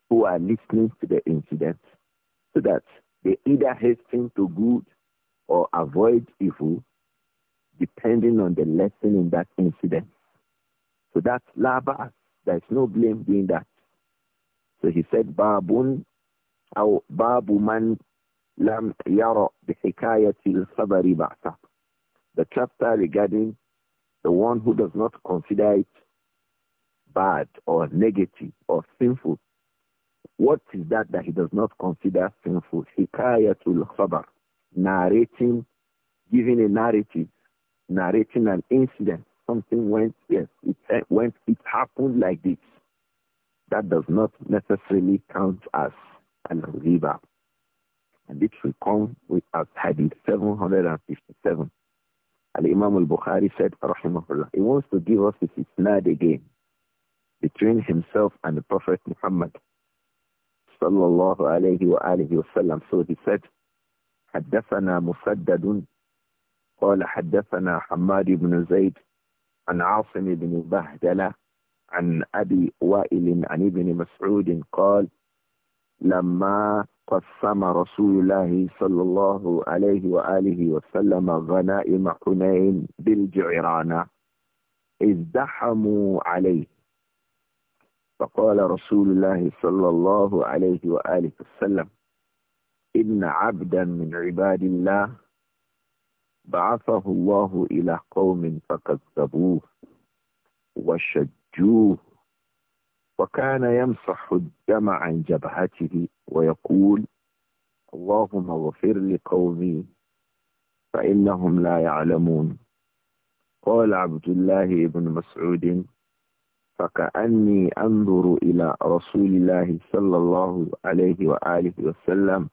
who are listening to the incident so that they either hasten to good or avoid evil depending on the lesson in that incident. So that's labas. There's no blame doing that. So he said, Babun أو باب من لم يرى بحكاية الخبر بعثة The chapter regarding the one who does not consider it bad or negative or sinful. What is that that he does not consider sinful? Hikayatul khabar, narrating, giving a narrative, narrating an incident. Something went, yes, it eh, went, it happened like this. That does not necessarily count as al-riba. And this will come with our hadith 757. Al-Imam al-Bukhari said, rahimahullah, he wants to give us his isnad again between himself and the Prophet Muhammad sallallahu alayhi wa wasallam. So he said, حدثنا مسدد قال حدثنا حماد بن زيد عن عاصم بن بهدلة عن أبي وائل عن ابن مسعود قال لما قسم رسول الله صلى الله عليه وآله وسلم غنائم حنين بالجعرانة ازدحموا عليه فقال رسول الله صلى الله عليه وآله وسلم إن عبدا من عباد الله بعثه الله إلى قوم فكذبوه وشجوه وكان يمسح الدمع عن جبهته ويقول اللهم اغفر لقومي فإنهم لا يعلمون قال عبد الله بن مسعود فكأني أنظر إلى رسول الله صلى الله عليه وآله وسلم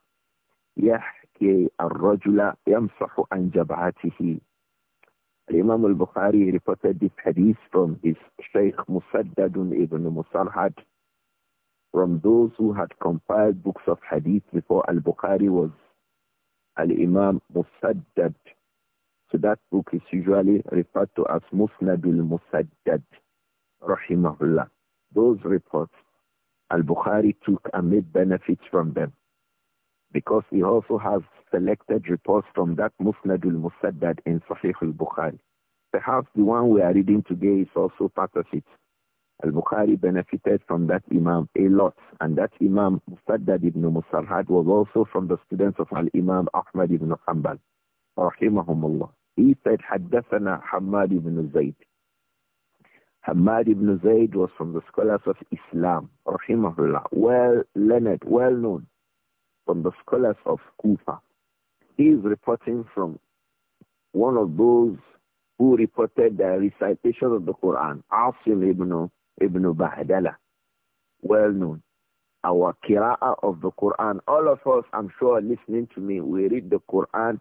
يحكي الرجل يمسح عن جبهته Imam al-Bukhari reported this hadith from his Shaykh Musaddadun ibn Musarhad from those who had compiled books of hadith before al-Bukhari was al-Imam Musaddad. So that book is usually referred to as Musnadul Musaddad, rahimahullah. Those reports, al-Bukhari took and made benefits from them because we also have selected reports from that Musnadul Musaddad in Sahih al-Bukhari. Perhaps the one we are reading today is also part of it. Al-Bukhari benefited from that Imam a lot, and that Imam Musaddad ibn Musarhad was also from the students of Al-Imam Ahmad ibn Hanbal, rahimahumullah. He said, حدثنا Hamad ibn Zayd. Hamad ibn Zayd was from the scholars of Islam, rahimahullah, well learned, well known from the scholars of Kufa. He is reporting from one of those who reported the recitation of the Quran, Asim ibn, ibn Bahdala, well known. Our Qira'ah of the Quran, all of us, I'm sure, listening to me, we read the Quran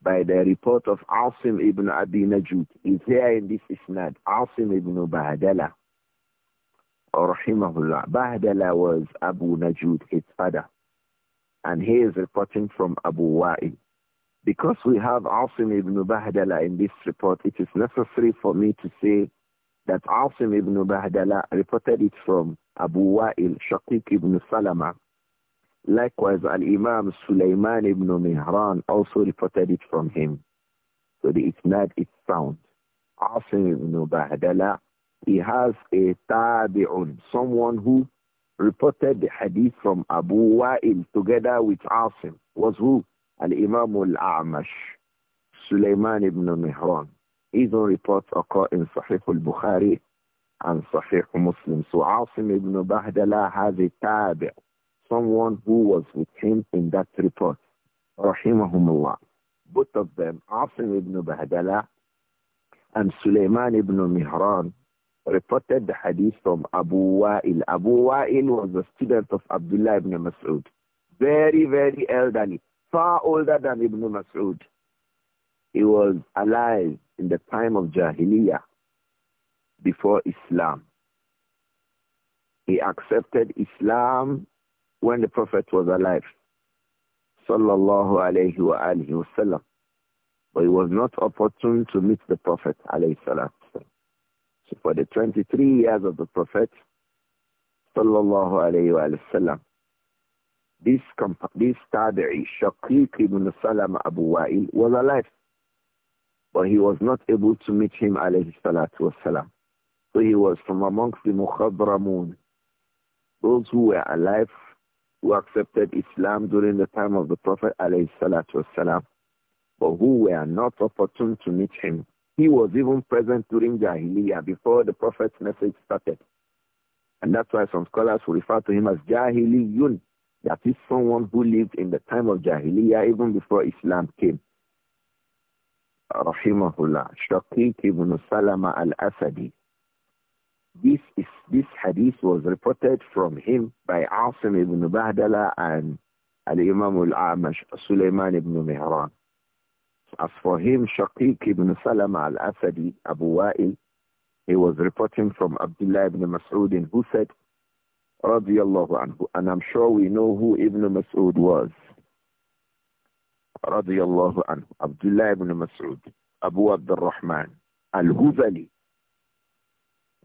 by the report of Asim ibn Abi Najud. He's here in this isnad, Asim ibn Bahdala. Rahimahullah. Bahdala was Abu Najud, his father and he is reporting from Abu Wa'il. Because we have Asim ibn Bahdala in this report, it is necessary for me to say that Asim ibn Bahdala reported it from Abu Wa'il, Shaqiq ibn Salama. Likewise, Al-Imam Sulaiman ibn Mihran also reported it from him. So the isnad is sound. Asim ibn Bahdala, he has a tabi'un, someone who reported the hadith from Abu Wa'il together with Asim was who? Al-Imam al-A'mash, Sulaiman ibn Mihran. His own reports occur in Sahih al-Bukhari and Sahih Muslim. So Asim ibn Bahdala has a tabi', someone who was with him in that report. Rahimahumullah. Both of them, Asim ibn Bahdala and Sulaiman ibn Mihran, reported the hadith from Abu Wa'il. Abu Wa'il was a student of Abdullah ibn Mas'ud. Very, very elderly, far older than Ibn Mas'ud. He was alive in the time of Jahiliyyah, before Islam. He accepted Islam when the Prophet was alive. Sallallahu alayhi wa But it was not opportune to meet the Prophet alayhi salam for the 23 years of the Prophet, sallallahu this, this Tabi'i, Shaqiq ibn Salam Abu Wa'il, was alive. But he was not able to meet him, alayhi salatu wasalam. So he was from amongst the Mukhadramun, those who were alive, who accepted Islam during the time of the Prophet, alayhi salatu wasalam, but who were not opportune to meet him, he was even present during Jahiliyyah before the Prophet's message started. And that's why some scholars refer to him as Jahiliyun. That is someone who lived in the time of Jahiliyyah even before Islam came. Rahimahullah, Shaqiq ibn Salama al-Asadi. This, is, this hadith was reported from him by Asim ibn Bahdala and al-Imam al-Amash, Sulaiman ibn Mihran. As for him, Shaqiq ibn Salama al-Asadi, Abu Wa'il, he was reporting from Abdullah ibn Mas'ud who said, radiyallahu anhu, and I'm sure we know who Ibn Mas'ud was, radiyallahu anhu, Abdullah ibn Mas'ud, Abu al-Rahman, al-Huzali,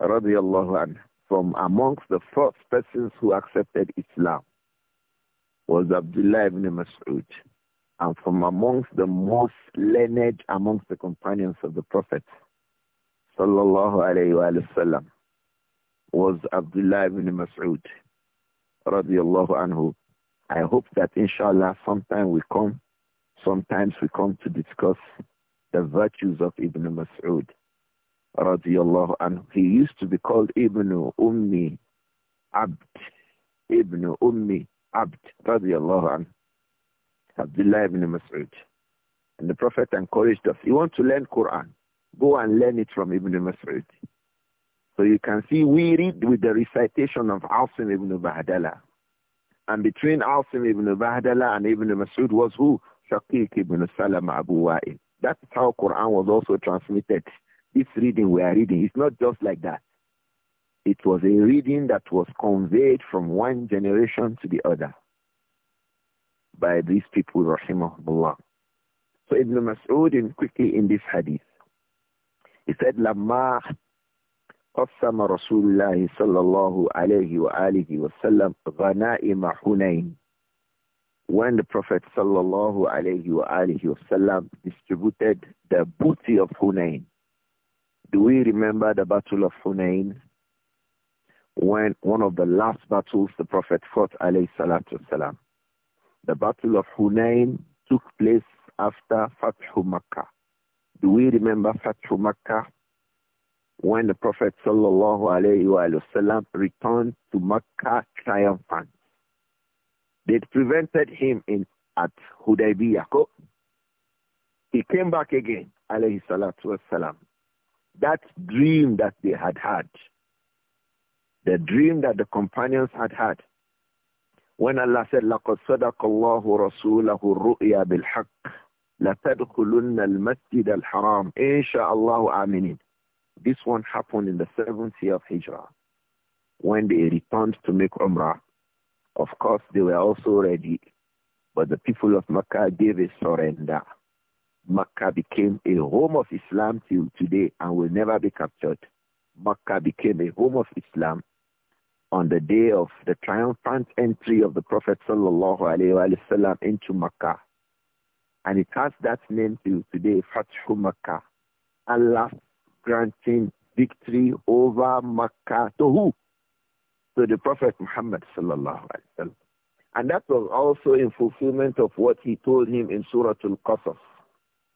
radiyallahu anhu, from amongst the first persons who accepted Islam was Abdullah ibn Mas'ud and from amongst the most learned amongst the companions of the Prophet sallallahu alayhi wa sallam was Abdullah ibn Mas'ud radiallahu anhu. I hope that inshallah sometime we come, sometimes we come to discuss the virtues of Ibn Mas'ud radiallahu anhu. He used to be called Ibn Ummi Abd, Ibn Ummi Abd radiallahu anhu. Abdullah ibn Mas'ud. And the Prophet encouraged us, you want to learn Quran, go and learn it from Ibn Mas'ud. So you can see we read with the recitation of Asim ibn Bahdala. And between Asim ibn Bahdala and Ibn Mas'ud was who? Shaqiq ibn Salam Abu Wa'il. That's how Quran was also transmitted. This reading we are reading, it's not just like that. It was a reading that was conveyed from one generation to the other by these people, rahimahullah. So Ibn Mas'ud quickly in this hadith, he said, "Lama qasama Rasulullah sallallahu alayhi wa عليه وآله وسلم غنائم حنين when the Prophet sallallahu alayhi wa alihi wasallam distributed the booty of Hunain. Do we remember the battle of Hunain? When one of the last battles the Prophet fought alayhi salatu salam. The Battle of Hunain took place after Fathu Makkah. Do we remember Fathu Makkah? When the Prophet wasallam returned to Makkah triumphant. They prevented him in at Hudaybiyah. He came back again, alayhi salatu wasalam. That dream that they had had, the dream that the companions had had, when Allah said, لَقَدْ صَدَقَ اللَّهُ رَسُولَهُ الرُّؤْيَا بِالْحَقِّ لَتَدْخُلُنَّ الْمَسْجِدَ الْحَرَامِ إِنْشَاءَ aminin. This one happened in the seventh year of Hijrah when they returned to make Umrah. Of course, they were also ready, but the people of Makkah gave a surrender. Makkah became a home of Islam till today and will never be captured. Makkah became a home of Islam on the day of the triumphant entry of the Prophet sallallahu alaihi wasallam into Makkah. And it has that name till today, Fathu Makkah. Allah granting victory over Makkah to who? To the Prophet Muhammad sallallahu alaihi wasallam. And that was also in fulfillment of what he told him in Surah Al-Qasas.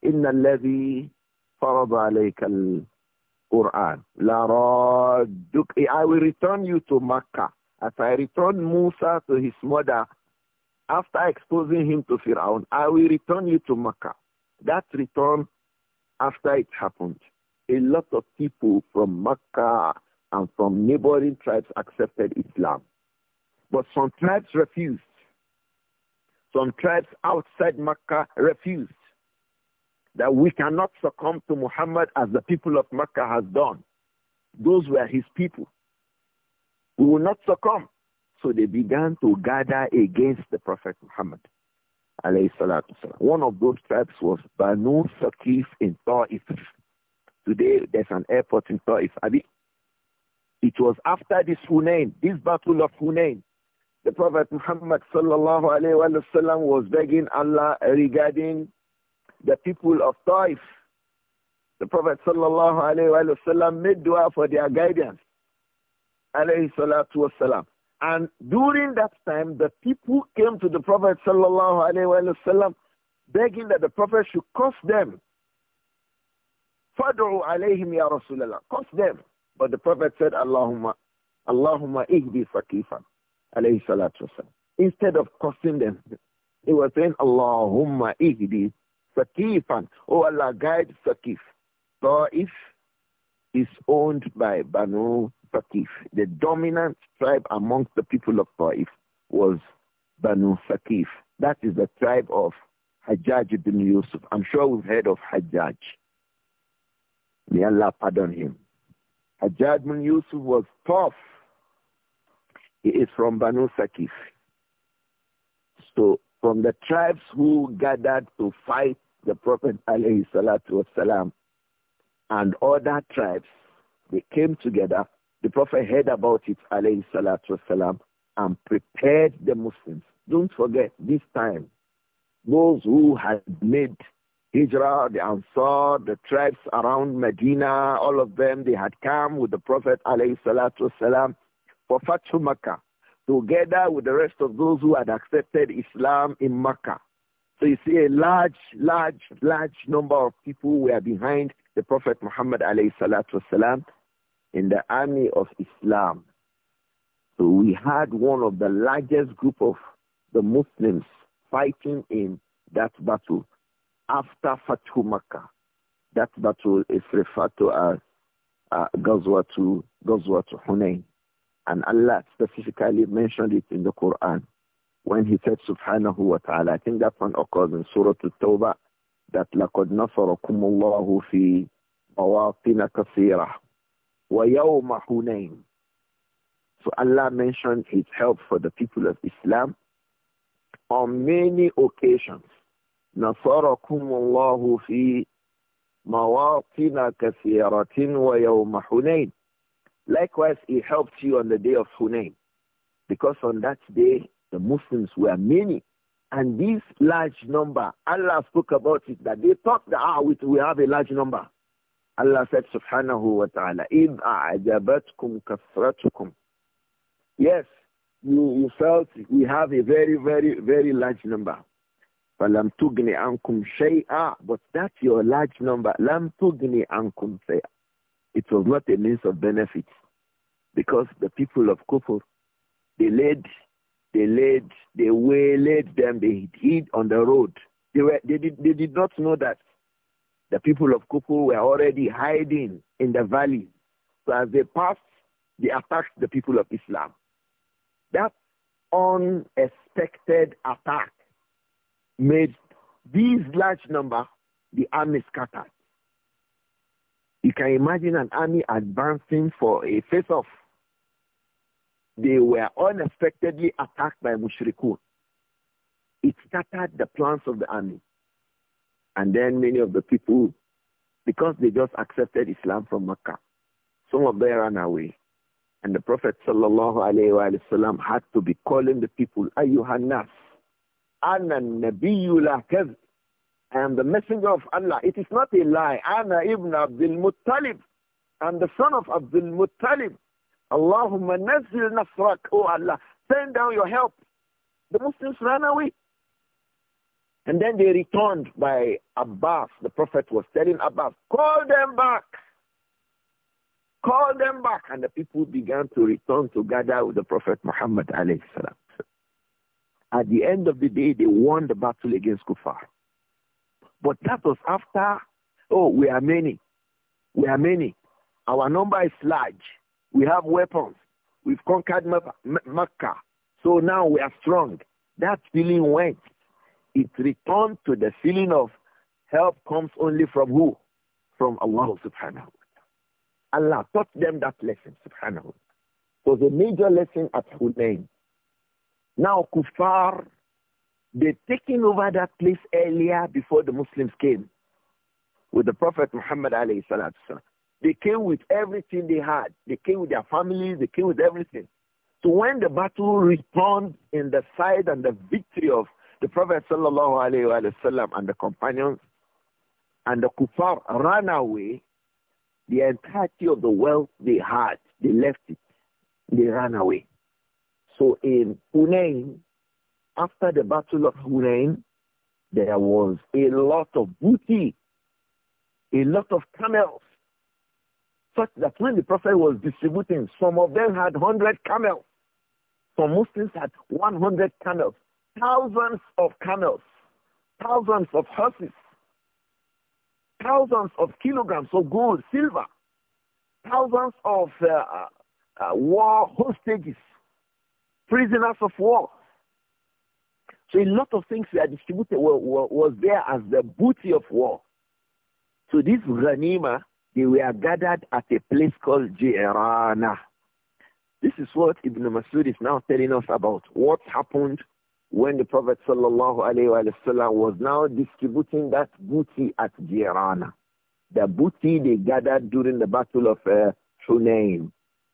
إِنَّ الَّذِي فَرَضَ عَلَيْكَ Quran. La eh, I will return you to Makkah as I return Musa to his mother after exposing him to Firaun. I will return you to Makkah. That return after it happened, a lot of people from Makkah and from neighboring tribes accepted Islam. But some tribes refused. Some tribes outside Makkah refused that we cannot succumb to Muhammad as the people of Mecca has done. Those were his people. We will not succumb. So they began to gather against the Prophet Muhammad. One of those tribes was Banu Saqif in Ta'if. Today there's an airport in Ta'if. It was after this Hunain, this battle of Hunain, the Prophet Muhammad sallallahu alayhi wa was begging Allah regarding the people of Taif. The Prophet sallallahu alayhi wasallam made dua for their guidance. Alayhi salatu wasallam. And during that time, the people came to the Prophet sallallahu alayhi wasallam begging that the Prophet should curse them. Fad'u alayhim ya Rasulallah. Curse them. But the Prophet said, Allahumma, Allahumma ihdi sakifan. Alayhi salatu wasallam. Instead of cursing them, he was saying, Allahumma ihdi Saqifan. Oh Allah, guide Saqif. Ta'if is owned by Banu Saqif. The dominant tribe amongst the people of Ta'if was Banu Saqif. That is the tribe of Hajjaj ibn Yusuf. I'm sure we've heard of Hajjaj. May Allah pardon him. Hajjaj ibn Yusuf was tough. He is from Banu Saqif. So from the tribes who gathered to fight the Prophet alayhi salatu wasalam and other tribes, they came together. The Prophet heard about it alayhi salatu wasalam and prepared the Muslims. Don't forget this time, those who had made Hijrah, the Ansar, the tribes around Medina, all of them, they had come with the Prophet alayhi salatu wasalam for Makkah together with the rest of those who had accepted Islam in Mecca. So you see a large, large, large number of people were behind the Prophet Muhammad والسلام, in the army of Islam. So we had one of the largest group of the Muslims fighting in that battle after Fatu Makkah. That battle is referred to as uh, Ghazwatu, Ghazwatu Hunayn. And Allah specifically mentioned it in the Quran when he said subhanahu wa ta'ala. I think that one occurs in Surah Al-Tawbah that لَقَدْ نَصَرَكُمُ اللَّهُ فِي مَوَاطِنَ كَثِيرَةٍ وَيَوْمَ حُنَيْنٍ So Allah mentioned his help for the people of Islam on many occasions. نَصَرَكُمُ اللَّهُ فِي مَوَاطِنَ كَثِيرَةٍ وَيَوْمَ حُنَيْنٍ Likewise, he helped you on the day of Hunayn because on that day, the Muslims were many. And this large number, Allah spoke about it, that they thought that ah, we, we have a large number. Allah said, subhanahu wa ta'ala, إِذْ أَعْجَبَتْكُمْ كَثْرَتُكُمْ Yes, you, you felt we have a very, very, very large number. فَلَمْ تُغْنِ عَنْكُمْ شَيْئًا But that's your large number, لَمْ تُغْنِ عَنْكُمْ شَيْئًا It was not a means of benefit because the people of Kufur, they laid, they laid, they waylaid them, they hid on the road. They, were, they, did, they did not know that the people of Kufur were already hiding in the valley. So as they passed, they attacked the people of Islam. That unexpected attack made these large number, the army scattered. You can imagine an army advancing for a face-off they were unexpectedly attacked by Mushrikun. It scattered the plans of the army. And then many of the people, because they just accepted Islam from Mecca, some of them ran away. And the Prophet wasallam had to be calling the people, Ayyuhannas, Anna Nabiyyu la kazb. I am the messenger of Allah. It is not a lie. Anna ibn Abdul Muttalib. I'm the son of Abdul Muttalib. Allahumma nazil nasrak, oh Allah, send down your help. The Muslims ran away. And then they returned by Abbas. The Prophet was telling Abbas, call them back. Call them back. And the people began to return to gather with the Prophet Muhammad salam. At the end of the day, they won the battle against Kufar. But that was after, oh, we are many. We are many. Our number is large. We have weapons. We've conquered Mecca. So now we are strong. That feeling went. It returned to the feeling of help comes only from who? From Allah subhanahu wa ta'ala. Allah taught them that lesson subhanahu wa ta'ala. So the major lesson at Hunayn. Now kuffar, they taking over that place earlier before the Muslims came with the Prophet Muhammad alayhi salatu they came with everything they had. They came with their families. They came with everything. So when the battle responded in the side and the victory of the Prophet sallallahu alaihi wasallam and the companions and the kuffar ran away, the entirety of the wealth they had, they left it. They ran away. So in Hunain, after the Battle of Hunain, there was a lot of booty, a lot of camels, such that when the Prophet was distributing, some of them had 100 camels. Some Muslims had 100 camels, thousands of camels, thousands of horses, thousands of kilograms of gold, silver, thousands of uh, uh, uh war hostages, prisoners of war. So a lot of things were distributed were, were, was there as the booty of war. So this ranima. They were gathered at a place called Jirana. This is what Ibn Masud is now telling us about. What happened when the Prophet sallallahu alaihi wasallam was now distributing that booty at Jirana. The booty they gathered during the battle of uh, Hunayn.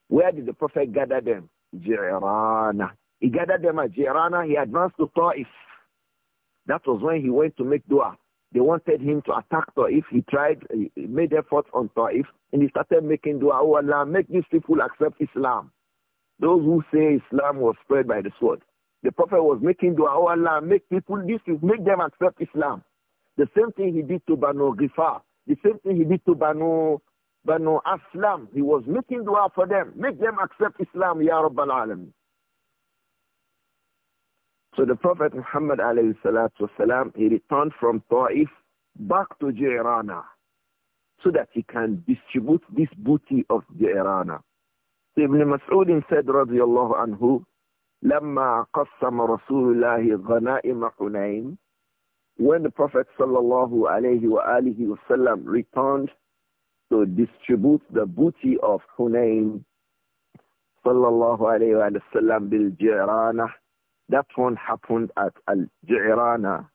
Where did the Prophet gather them? Jirana. He gathered them at Jirana. He advanced to Ta'if. That was when he went to make dua. They wanted him to attack Ta'if. He tried, he made efforts on Ta'if, and he started making dua, oh Allah, make these people accept Islam. Those who say Islam was spread by the sword. The Prophet was making dua, oh Allah, make people, this is, make them accept Islam. The same thing he did to Banu Ghifar. The same thing he did to Banu, Banu Aslam. He was making dua for them. Make them accept Islam, Ya Rabbal Alameen. So the Prophet Muhammad والسلام, he returned from Ta'if back to Jirana so that he can distribute this booty of Jirana. So Ibn Mas'ud said, radiallahu anhu, لما قسم رسول الله غنائم حنين when the Prophet sallallahu alayhi wa alihi wasallam returned to distribute the booty of Hunayn sallallahu alayhi wa sallam bil jirana that one happened at Al-Ji'rana.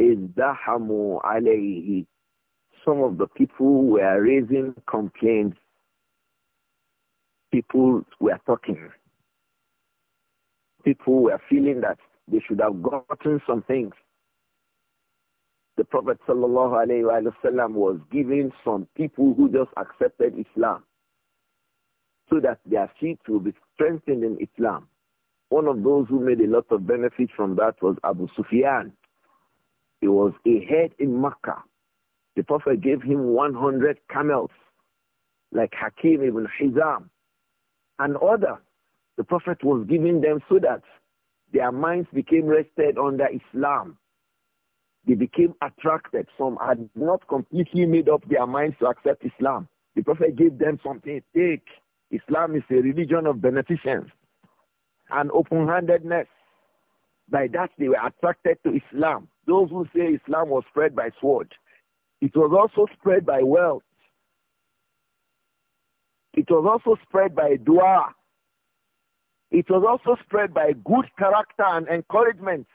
إِزْدَحَمُوا alayhi. Some of the people were raising complaints. People were talking. People were feeling that they should have gotten some things. The Prophet ﷺ was giving some people who just accepted Islam so that their feet will be strengthened in Islam. One of those who made a lot of benefit from that was Abu Sufyan. He was a head in Makkah. The Prophet gave him 100 camels, like Hakim ibn Hizam and others. The Prophet was giving them so that their minds became rested under Islam. They became attracted. Some had not completely made up their minds to accept Islam. The Prophet gave them something. Take. Islam is a religion of beneficence and open-handedness. By that, they were attracted to Islam. Those who say Islam was spread by sword, it was also spread by wealth. It was also spread by dua. It was also spread by good character and encouragement.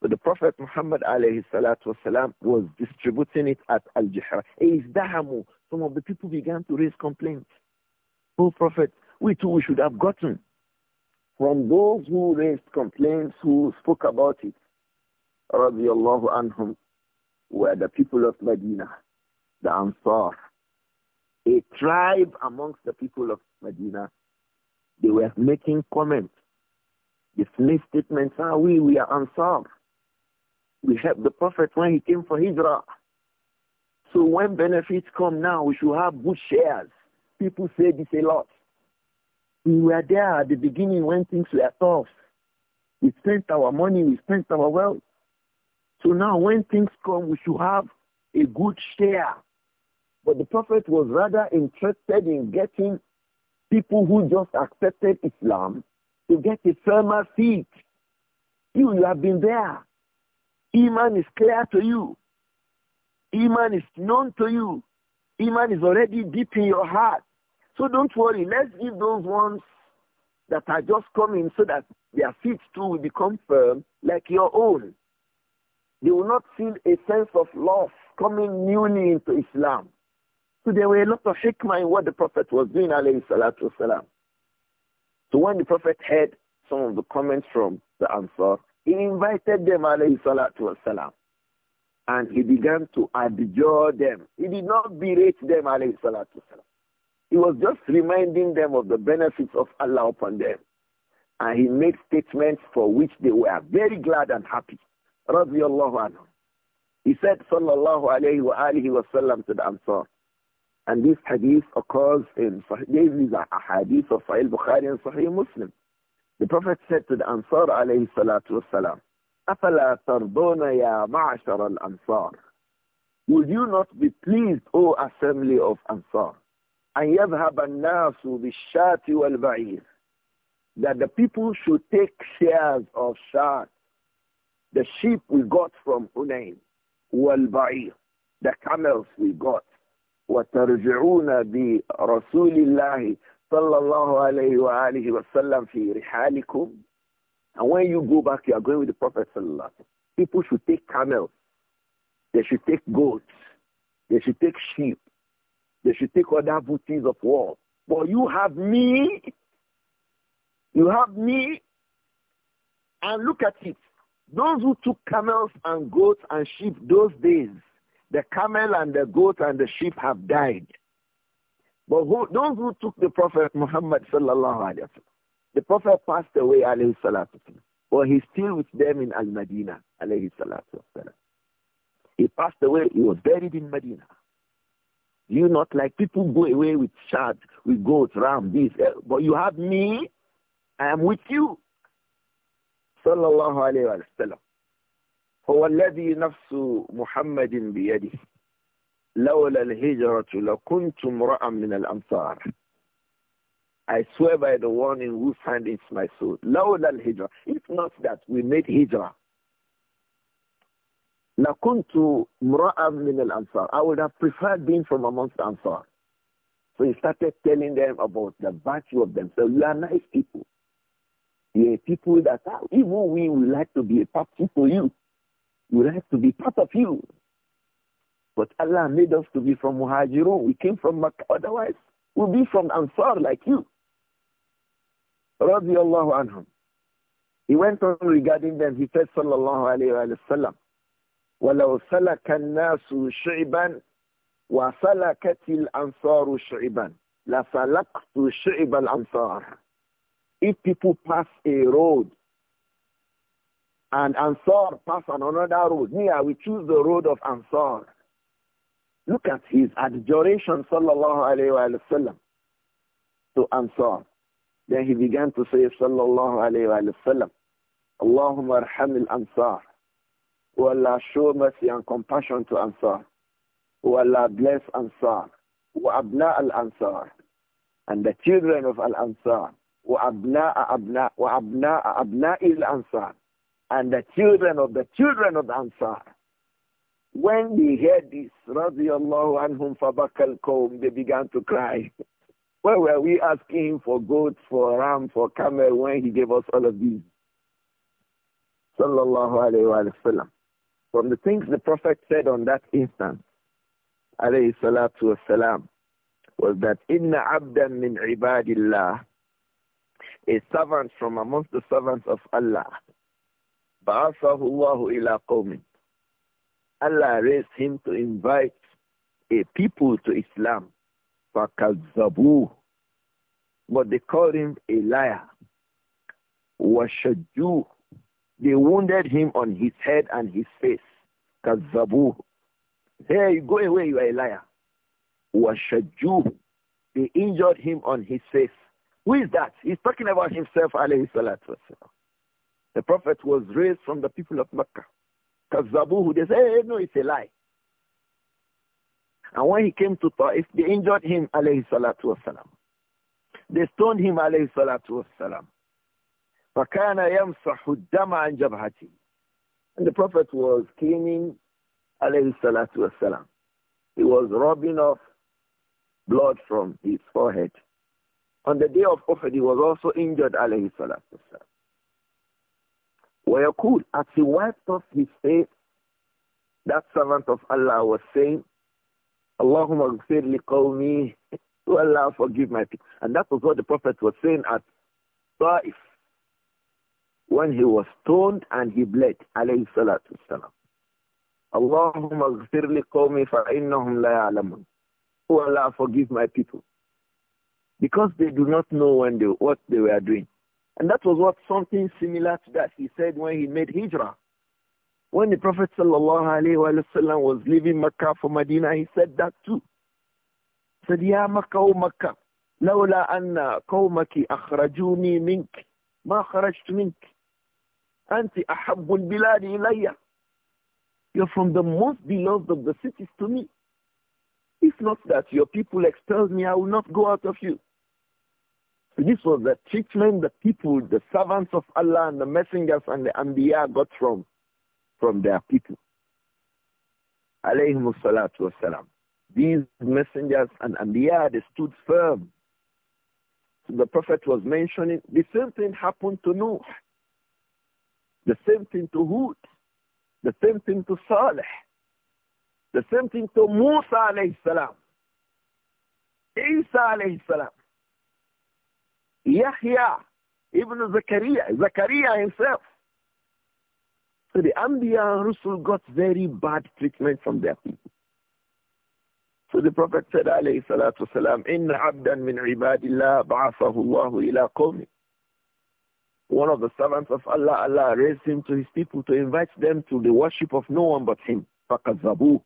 But the Prophet Muhammad والسلام, was distributing it at Al-Jihra. Some of the people began to raise complaints. Oh Prophet, we too we should have gotten from those who raised complaints, who spoke about it, radiallahu anhum, were the people of Medina, the Ansar, a tribe amongst the people of Medina. They were making comments, They made statements, ah, we, we are Ansar. We helped the Prophet when he came for Hijrah. So when benefits come now, we should have good shares. People say this a lot. We were there at the beginning when things were tough. We spent our money, we spent our wealth. So now when things come, we should have a good share. But the Prophet was rather interested in getting people who just accepted Islam to get a firmer seat. You, you have been there. Iman is clear to you. Iman is known to you. Iman is already deep in your heart. So don't worry. Let's give those ones that are just coming so that their feet too will become firm like your own. They will not feel a sense of loss coming newly into Islam. So there were a lot of hikmah in what the Prophet was doing, alayhi salatu wasalam. So when the Prophet heard some of the comments from the Ansar, he invited them, alayhi salatu wasalam. And he began to adjure them. He did not berate them, alayhi salatu wasalam. He was just reminding them of the benefits of Allah upon them. And he made statements for which they were very glad and happy. Radiallahu anhu. He said, sallallahu alayhi wa alihi wa sallam to the Ansar. And this hadith occurs in these are hadith of Sahih Bukhari and Sahih Muslim. The Prophet said to the Ansar alayhi salatu wasalam, أَفَلَا تَرْضُونَ يَا مَعْشَرَ الْأَنصَارِ Would you not be pleased, O assembly of Ansar? And أن with الناس Wal والبعير that the people should take shares of Shat, the sheep we got from Wal والبعير, the camels we got, وترجعون برسول الله صلى الله عليه وآله وسلم في رحالكم and when you go back you are going with the Prophet صلى people should take camels they should take goats they should take sheep they should take other booties of war. But you have me. You have me. And look at it. Those who took camels and goats and sheep those days, the camel and the goat and the sheep have died. But who, those who took the Prophet Muhammad sallallahu alaihi wasallam, the Prophet passed away alayhi salatu but he's still with them in Al-Madinah alayhi salatu wasalam. He passed away, he was buried in Medina. You not like people go away with shad, with goats, ram, this. Eh, but you have me, I am with you. Sallallahu alayhi wa sallam. هو الذي نفس محمد بيده لولا الهجرة لكنت امرأ من الأنصار I swear by the one in whose hand is my soul. لولا الهجرة It's not that we made hijrah لَكُنْتُ min al Ansar. I would have preferred being from amongst the Ansar. So he started telling them about the virtue of themselves. You are nice people. You are people that are, even we would like to be a part of you. We like to be part of you. But Allah made us to be from Muhajirun. We came from Makkah. Otherwise, we'll be from Ansar like you. Radiallahu anhum. He went on regarding them. He said, Sallallahu alayhi wa sallam, ولو سلك الناس شعبا وسلكت الأنصار شعبا لسلكت شعب الأنصار If people pass a road and Ansar pass on another road, me, I will choose the road of Ansar. Look at his adjuration, sallallahu alayhi wa sallam, to Ansar. Then he began to say, sallallahu alayhi wa sallam, Allahumma arham al-Ansar. O Allah, show mercy and compassion to Ansar. O Allah, bless Ansar. O Abna al-Ansar. And the children of al-Ansar. O Abna abna O Abna abna ansar And the children of the children of Ansar. When they heard this, radiallahu anhum fabakal qawm, they began to cry. Where were we asking him for goats, for ram, for camel when he gave us all of these? Sallallahu alayhi wa sallam. From the things the Prophet said on that instant, alayhi salatu wasalam, was that, Inna abdan min ibadillah, a servant from amongst the servants of Allah, ba'asahu Allahu ila qawmin. Allah raised him to invite a people to Islam, فَكَذَّبُوهُ But they called him a liar. وَشَجُّوهُ they wounded him on his head and his face. Kazabuh. Hey, go away, you are a liar. Washajuh. They injured him on his face. Who is that? He's talking about himself, alayhi salatu The Prophet was raised from the people of Mecca. Kazabuhu, they say, hey, eh, no, it's a lie. And when he came to Ta'if, they injured him, alayhi salatu wasalam. They stoned him, alayhi salatu wasalam. فَكَانَ يَمْسَحُ الدَّمَ عَنْ And the Prophet was cleaning, alayhi salatu wasalam. He was rubbing off blood from his forehead. On the day of Uhud, he was also injured, alayhi salatu wasalam. as he wiped off his face that servant of Allah was saying Allahumma gfir li qawmi to Allah forgive my people and that was what the prophet was saying at Taif when he was stoned and he bled, alayhi salatu wasalam. Allahumma ghfir qawmi fa la ya'lamun. Oh Allah, forgive my people. Because they do not know when they, what they were doing. And that was what something similar to that he said when he made hijrah. When the Prophet sallallahu alayhi wa sallam was leaving Mecca for Medina, he said that too. He said, Ya Makkah, O Makkah, لولا أن قومك أخرجوني منك ما خرجت منك Anti ahabbul biladi ilayya. You're from the most beloved of the cities to me. If not that your people expel me, I will not go out of you. So this was the treatment the people, the servants of Allah and the messengers and the Anbiya got from, from their people. Alayhimu salatu wasalam. These messengers and Anbiya, they stood firm. So the Prophet was mentioning, the same thing happened to Noah. The same thing to Hud. The same thing to Saleh. The same thing to Musa alayhi salam. Isa alayhi salam. Yahya ibn Zakaria, Zakaria himself. So the Anbiya and Rusul got very bad treatment from their people. So the Prophet said, alayhi salatu salam, إِنَّ عَبْدًا مِنْ عِبَادِ اللَّهِ بَعَثَهُ اللَّهُ إِلَىٰ one of the servants of Allah, Allah raised him to his people to invite them to the worship of no one but him. Fakazabu.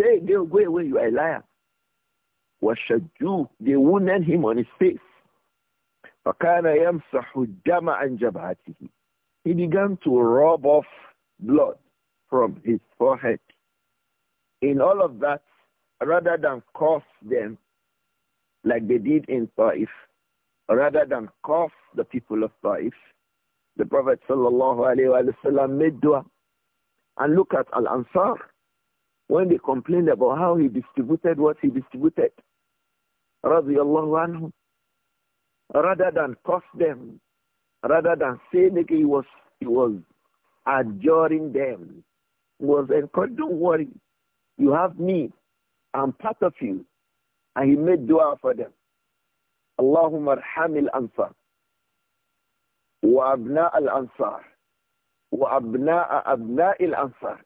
Say, go, go away, you are a liar. Washaju. They wounded him on his face. فَكَانَ يَمْسَحُ الدَّمَ He began to rub off blood from his forehead. In all of that, rather than curse them like they did in Taif, rather than curse the people of Taif, the Prophet sallallahu made dua. And look at Al-Ansar when they complained about how he distributed what he distributed. anhu. Rather than curse them, rather than saying that he was, he was adjuring them, was encouraged, don't worry, you have me, I'm part of you. And he made dua for them. Allahumma arhamil ansar. وأبناء الأنصار وأبناء أبناء الأنصار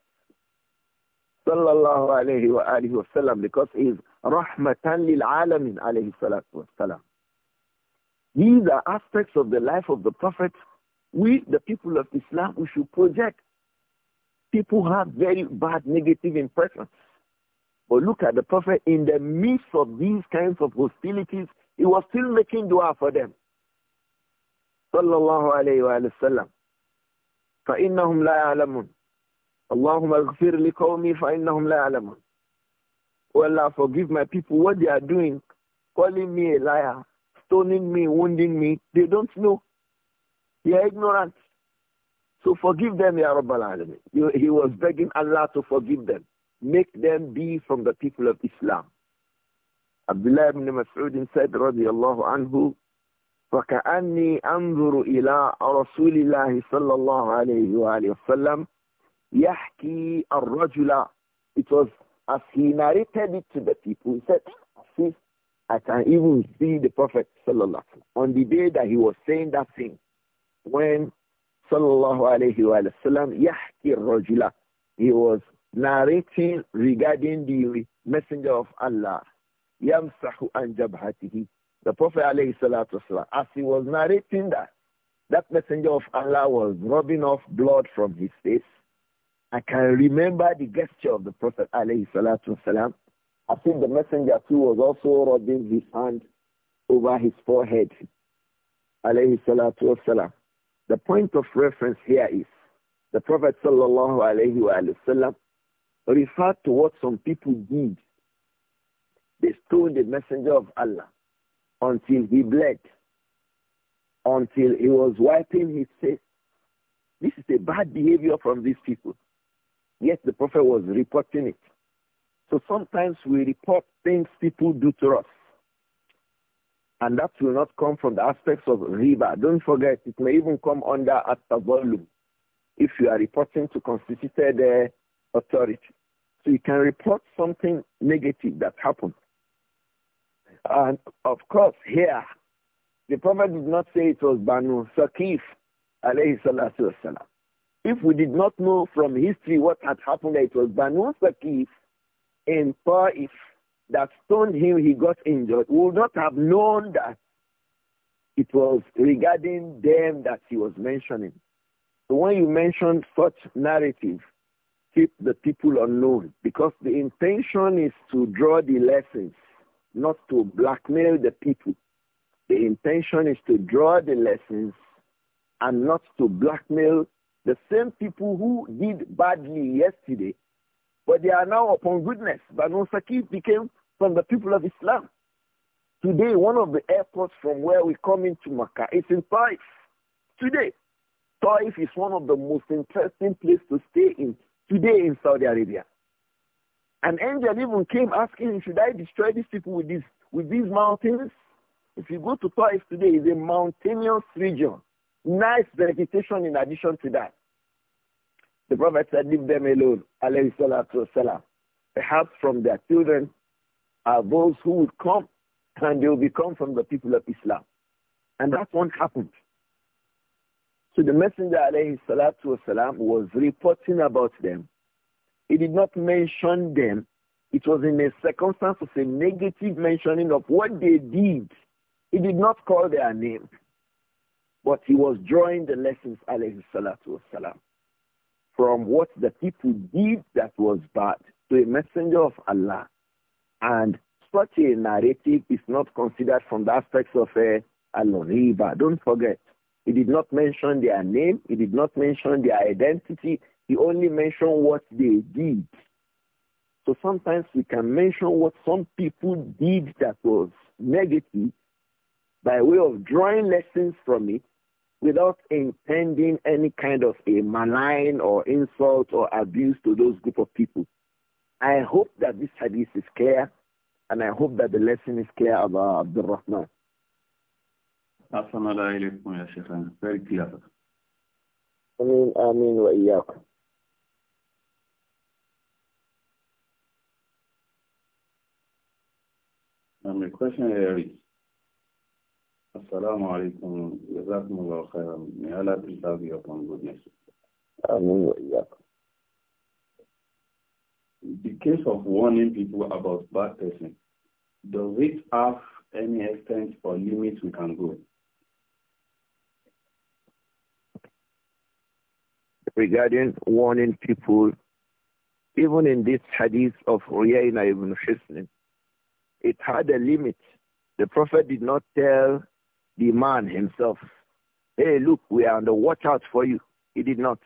صلى الله عليه وآله وسلم because he is رحمة للعالمين عليه الصلاة والسلام These are aspects of the life of the Prophet we, the people of Islam, we should project. People have very bad negative impressions. But look at the Prophet in the midst of these kinds of hostilities, he was still making dua for them. صلى الله عليه وآله وسلم فإنهم لا يعلمون اللهم اغفر لقومي فإنهم لا يعلمون Well, oh forgive my people what they are doing, calling me a liar, stoning me, wounding me. They don't know. They are ignorant. So forgive them, Ya Rabbal Alamin. He was begging Allah to forgive them. Make them be from the people of Islam. Abdullah ibn Mas'ud said, الله عنه. فكأني أنظر إلى رسول الله صلى الله عليه وآله وسلم يحكي الرجل it was as he narrated it to the people he said see I can even see the Prophet sallallahu on the day that he was saying that thing when sallallahu alayhi wa yahki rajula he was narrating regarding the messenger of Allah يمسح an jabhatihi the Prophet والسلام, as he was narrating that, that messenger of Allah was rubbing off blood from his face. I can remember the gesture of the Prophet والسلام, I think the messenger too was also rubbing his hand over his forehead. والسلام. The point of reference here is the Prophet sallallahu alayhi wa sallam referred to what some people did. They stole the messenger of Allah until he bled, until he was wiping his face. This is a bad behavior from these people. Yet the prophet was reporting it. So sometimes we report things people do to us. And that will not come from the aspects of riba. Don't forget, it may even come under at volume if you are reporting to constituted uh, authority. So you can report something negative that happened. And of course, here, the Prophet did not say it was Banu Saqif, alayhi salatu wasalam. If we did not know from history what had happened, it was Banu Saqif in Ta'if that stoned him, he got injured, we would not have known that it was regarding them that he was mentioning. So when you mention such narrative, keep the people unknown because the intention is to draw the lessons not to blackmail the people. The intention is to draw the lessons and not to blackmail the same people who did badly yesterday, but they are now upon goodness. Banu Sakif became from the people of Islam. Today, one of the airports from where we come into Makkah is in Taif. Today, Taif is one of the most interesting places to stay in today in Saudi Arabia. An angel even came asking him, should I destroy these people with, this, with these mountains? If you go to Taif today, it's a mountainous region. Nice vegetation in addition to that. The Prophet said, leave them alone, alayhi salatu wasalam. Perhaps from their children are those who would come and they will become from the people of Islam. And that's what happened. So the Messenger alayhi salatu wasalam was reporting about them he did not mention them. It was in a circumstance of a negative mentioning of what they did. He did not call their name. But he was drawing the lessons, alayhi salatu wasalam, from what the people did that was bad to a messenger of Allah. And such a narrative is not considered from the aspects of a eh, al-riba. Don't forget, he did not mention their name. He did not mention their identity. He only mentioned what they did. So sometimes we can mention what some people did that was negative by way of drawing lessons from it without intending any kind of a malign or insult or abuse to those group of people. I hope that this hadith is clear and I hope that the lesson is clear about Abdul Rahman. Very clear. I mean, I mean, Um, a question here is, Assalamu alaikum, jazakumullah khairan, may Allah preserve you upon goodness. The case of warning people about bad person, does it have any extent or limit we can go? Regarding warning people, even in this hadith of Uyayna ibn Hisnin, it had a limit. The Prophet did not tell the man himself, hey, look, we are on the watch out for you. He did not.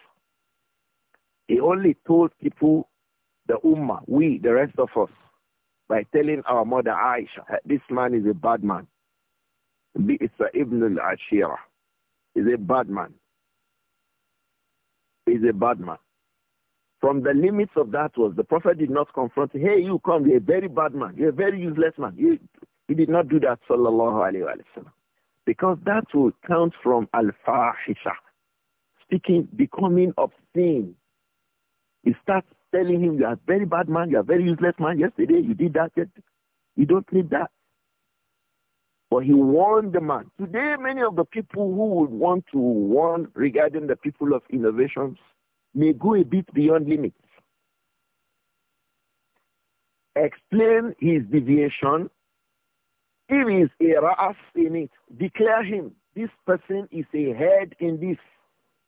He only told people, the Ummah, we, the rest of us, by telling our mother Aisha, this man is a bad man. Bi'isa ibn al-Ashira He's a bad man. He's a bad man. From the limits of that was the prophet did not confront, hey, you come, you're a very bad man, you're a very useless man. You, he did not do that, sallallahu alayhi wa, alayhi Because that would count from al-fahisha, speaking, becoming obscene. You start telling him, you're a very bad man, you're a very useless man. Yesterday you did that. You don't need that. But he warned the man. Today, many of the people who would want to warn regarding the people of innovations may go a bit beyond limits. Explain his deviation. If he is a ra'as in it, declare him. This person is a head in this.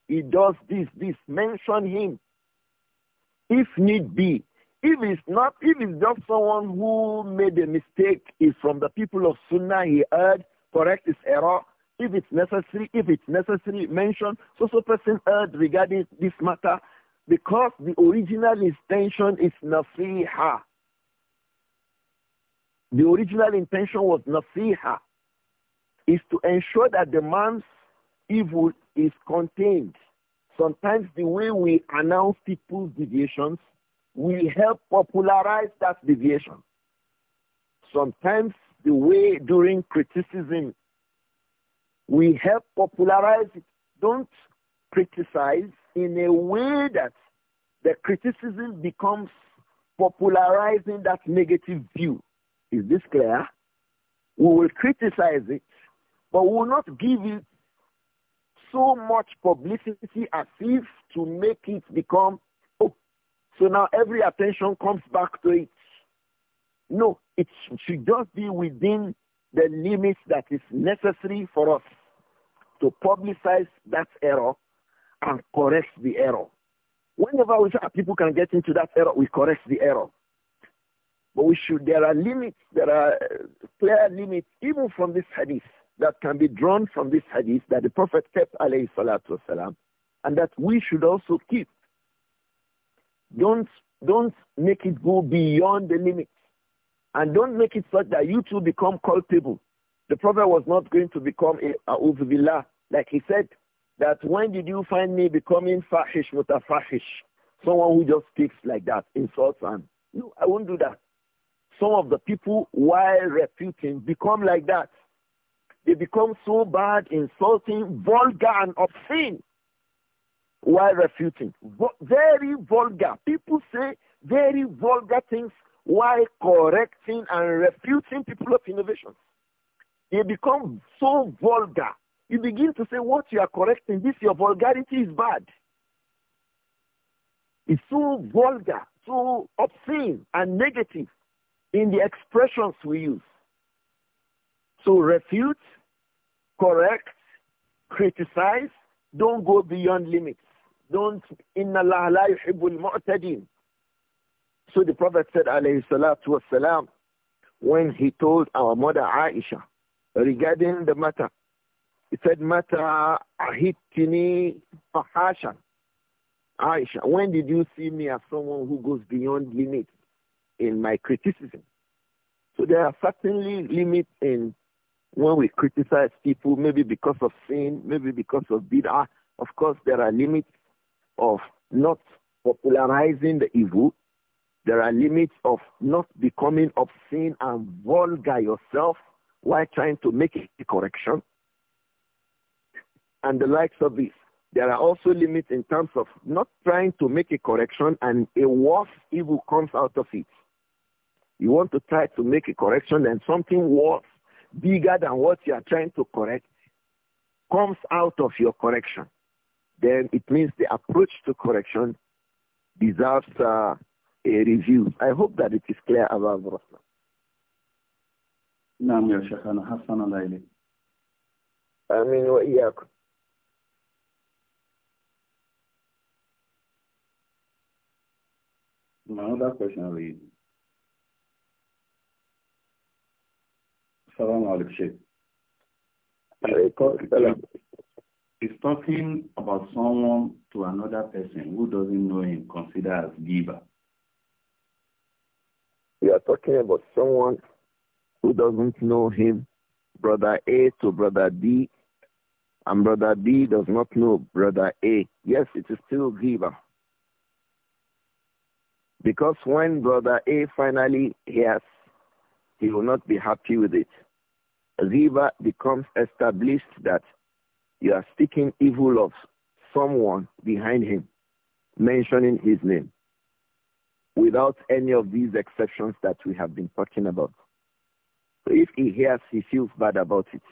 He does this, this. Mention him. If need be, if it's not, if it's just someone who made a mistake, is from the people of Sunnah, he heard correct his error, if it's necessary, if it's necessary, mention so-so person heard regarding this matter because the original intention is nasiha. The original intention was nasiha, is to ensure that the man's evil is contained. Sometimes the way we announce people's deviations will help popularize that deviation. Sometimes the way during criticism we help popularize it. Don't criticize in a way that the criticism becomes popularizing that negative view. Is this clear? We will criticize it, but we will not give it so much publicity as if to make it become, oh, so now every attention comes back to it. No, it should just be within the limit that is necessary for us to publicize that error and correct the error. Whenever we say people can get into that error, we correct the error. But we should, there are limits, there are uh, clear limits, even from this hadith, that can be drawn from this hadith that the Prophet kept, alayhi salatu wasalam, and that we should also keep. Don't, don't make it go beyond the limit. And don't make it such that you too become culpable. The Prophet was not going to become a, a billah. Like he said, that when did you find me becoming fahish mutafahish? Someone who just speaks like that, insults and no, I won't do that. Some of the people, while refuting, become like that. They become so bad, insulting, vulgar, and obscene while refuting. Very vulgar. People say very vulgar things while correcting and refuting people of innovation. They become so vulgar. You begin to say what you are correcting, this your vulgarity is bad. It's so vulgar, so obscene and negative in the expressions we use. So refute, correct, criticize, don't go beyond limits. Don't, inna Allah la yuhibbul mu'tadin. So the Prophet said, alayhi salatu wasalam, when he told our mother Aisha regarding the matter, he said, Mata ahitini fahashan. Aisha, when did you see me as someone who goes beyond limits in my criticism? So there are certainly limits in when we criticize people, maybe because of sin, maybe because of bid'ah. Of course, there are limits of not popularizing the evil, there are limits of not becoming obscene and vulgar yourself while trying to make a correction. And the likes of this. There are also limits in terms of not trying to make a correction and a worse evil comes out of it. You want to try to make a correction and something worse, bigger than what you are trying to correct, comes out of your correction. Then it means the approach to correction deserves uh, a review. I hope that it is clear about Rasna. نعم يا شيخنا حسن الله إليك آمين وإياكم Another question reads, Salam alaikum. He's talking about someone to another person who doesn't know him, consider as giver. We are talking about someone who doesn't know him, brother A to brother B, and brother B does not know brother A. Yes, it is still giver. Because when brother A finally hears, he will not be happy with it. Riba becomes established that you are speaking evil of someone behind him, mentioning his name without any of these exceptions that we have been talking about. So if he hears, he feels bad about it.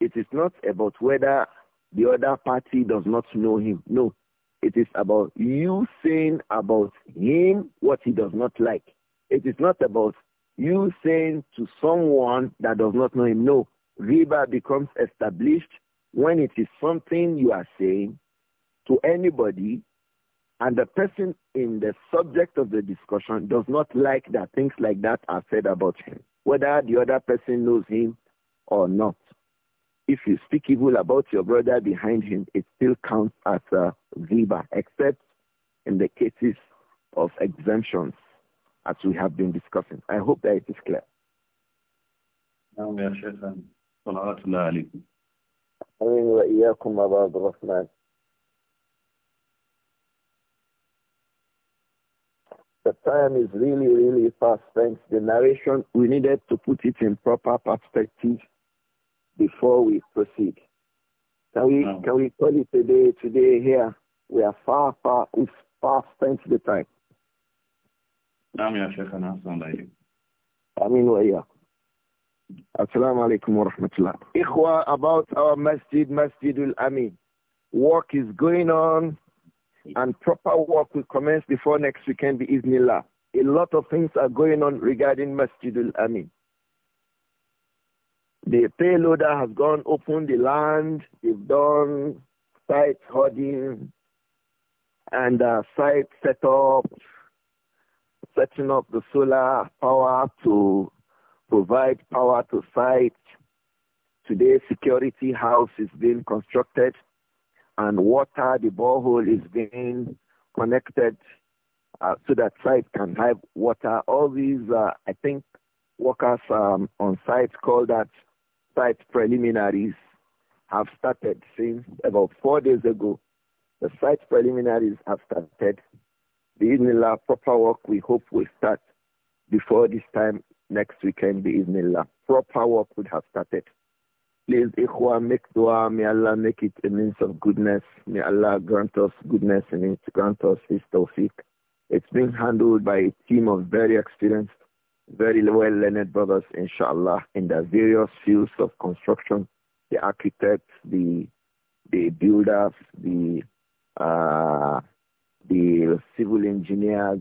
It is not about whether the other party does not know him. No, it is about you saying about him what he does not like. It is not about you saying to someone that does not know him, no. Riba becomes established when it is something you are saying to anybody and the person in the subject of the discussion does not like that things like that are said about him, whether the other person knows him or not. If you speak evil about your brother behind him, it still counts as a riba, except in the cases of exemptions, as we have been discussing. I hope that it is clear. The time is really, really fast Thanks. The narration, we needed to put it in proper perspective before we proceed. Can we, wow. can we call it today? Today here, we are far, far, we've far spent the time. Amin يا شيخنا أحسن Assalamu alaikum wa rahmatullah. Ikhwa, about our masjid, Masjidul Amin. Work is going on and proper work will commence before next weekend, the Iznillah. A lot of things are going on regarding Masjidul Amin. The payloader has gone open the land. They've done site hoarding and uh, site setup, setting up the solar power to provide power to site. Today, security house is being constructed and water, the borehole is being connected uh, so that site can have water. All these, uh, I think, workers um, on site call that site preliminaries have started since about four days ago. The site preliminaries have started. The Iznillah proper work we hope will start before this time next weekend. The Iznillah proper work would have started. Please, Ikhwa, make dua. May Allah make it a means of goodness. May Allah grant us goodness and it grant us His tawfiq. It's being handled by a team of very experienced, very well-learned brothers, inshallah, in the various fields of construction, the architects, the, the builders, the, uh, the civil engineers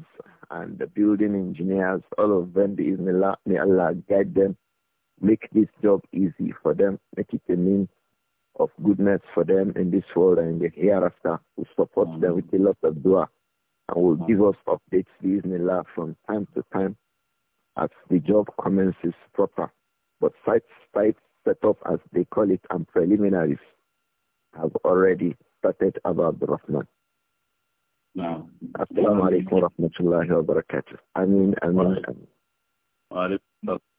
and the building engineers, all of them, May Allah guide them Make this job easy for them. Make it a means of goodness for them in this world and the hereafter. We support them with a lot of dua and will give us updates, Bismillah, from time to time as the job commences proper. But sites, sites set up as they call it and preliminaries have already started about the Rahman. Now, Assalamu alaikum wa rahmatullahi wa barakatuh. Ameen, ameen, ameen.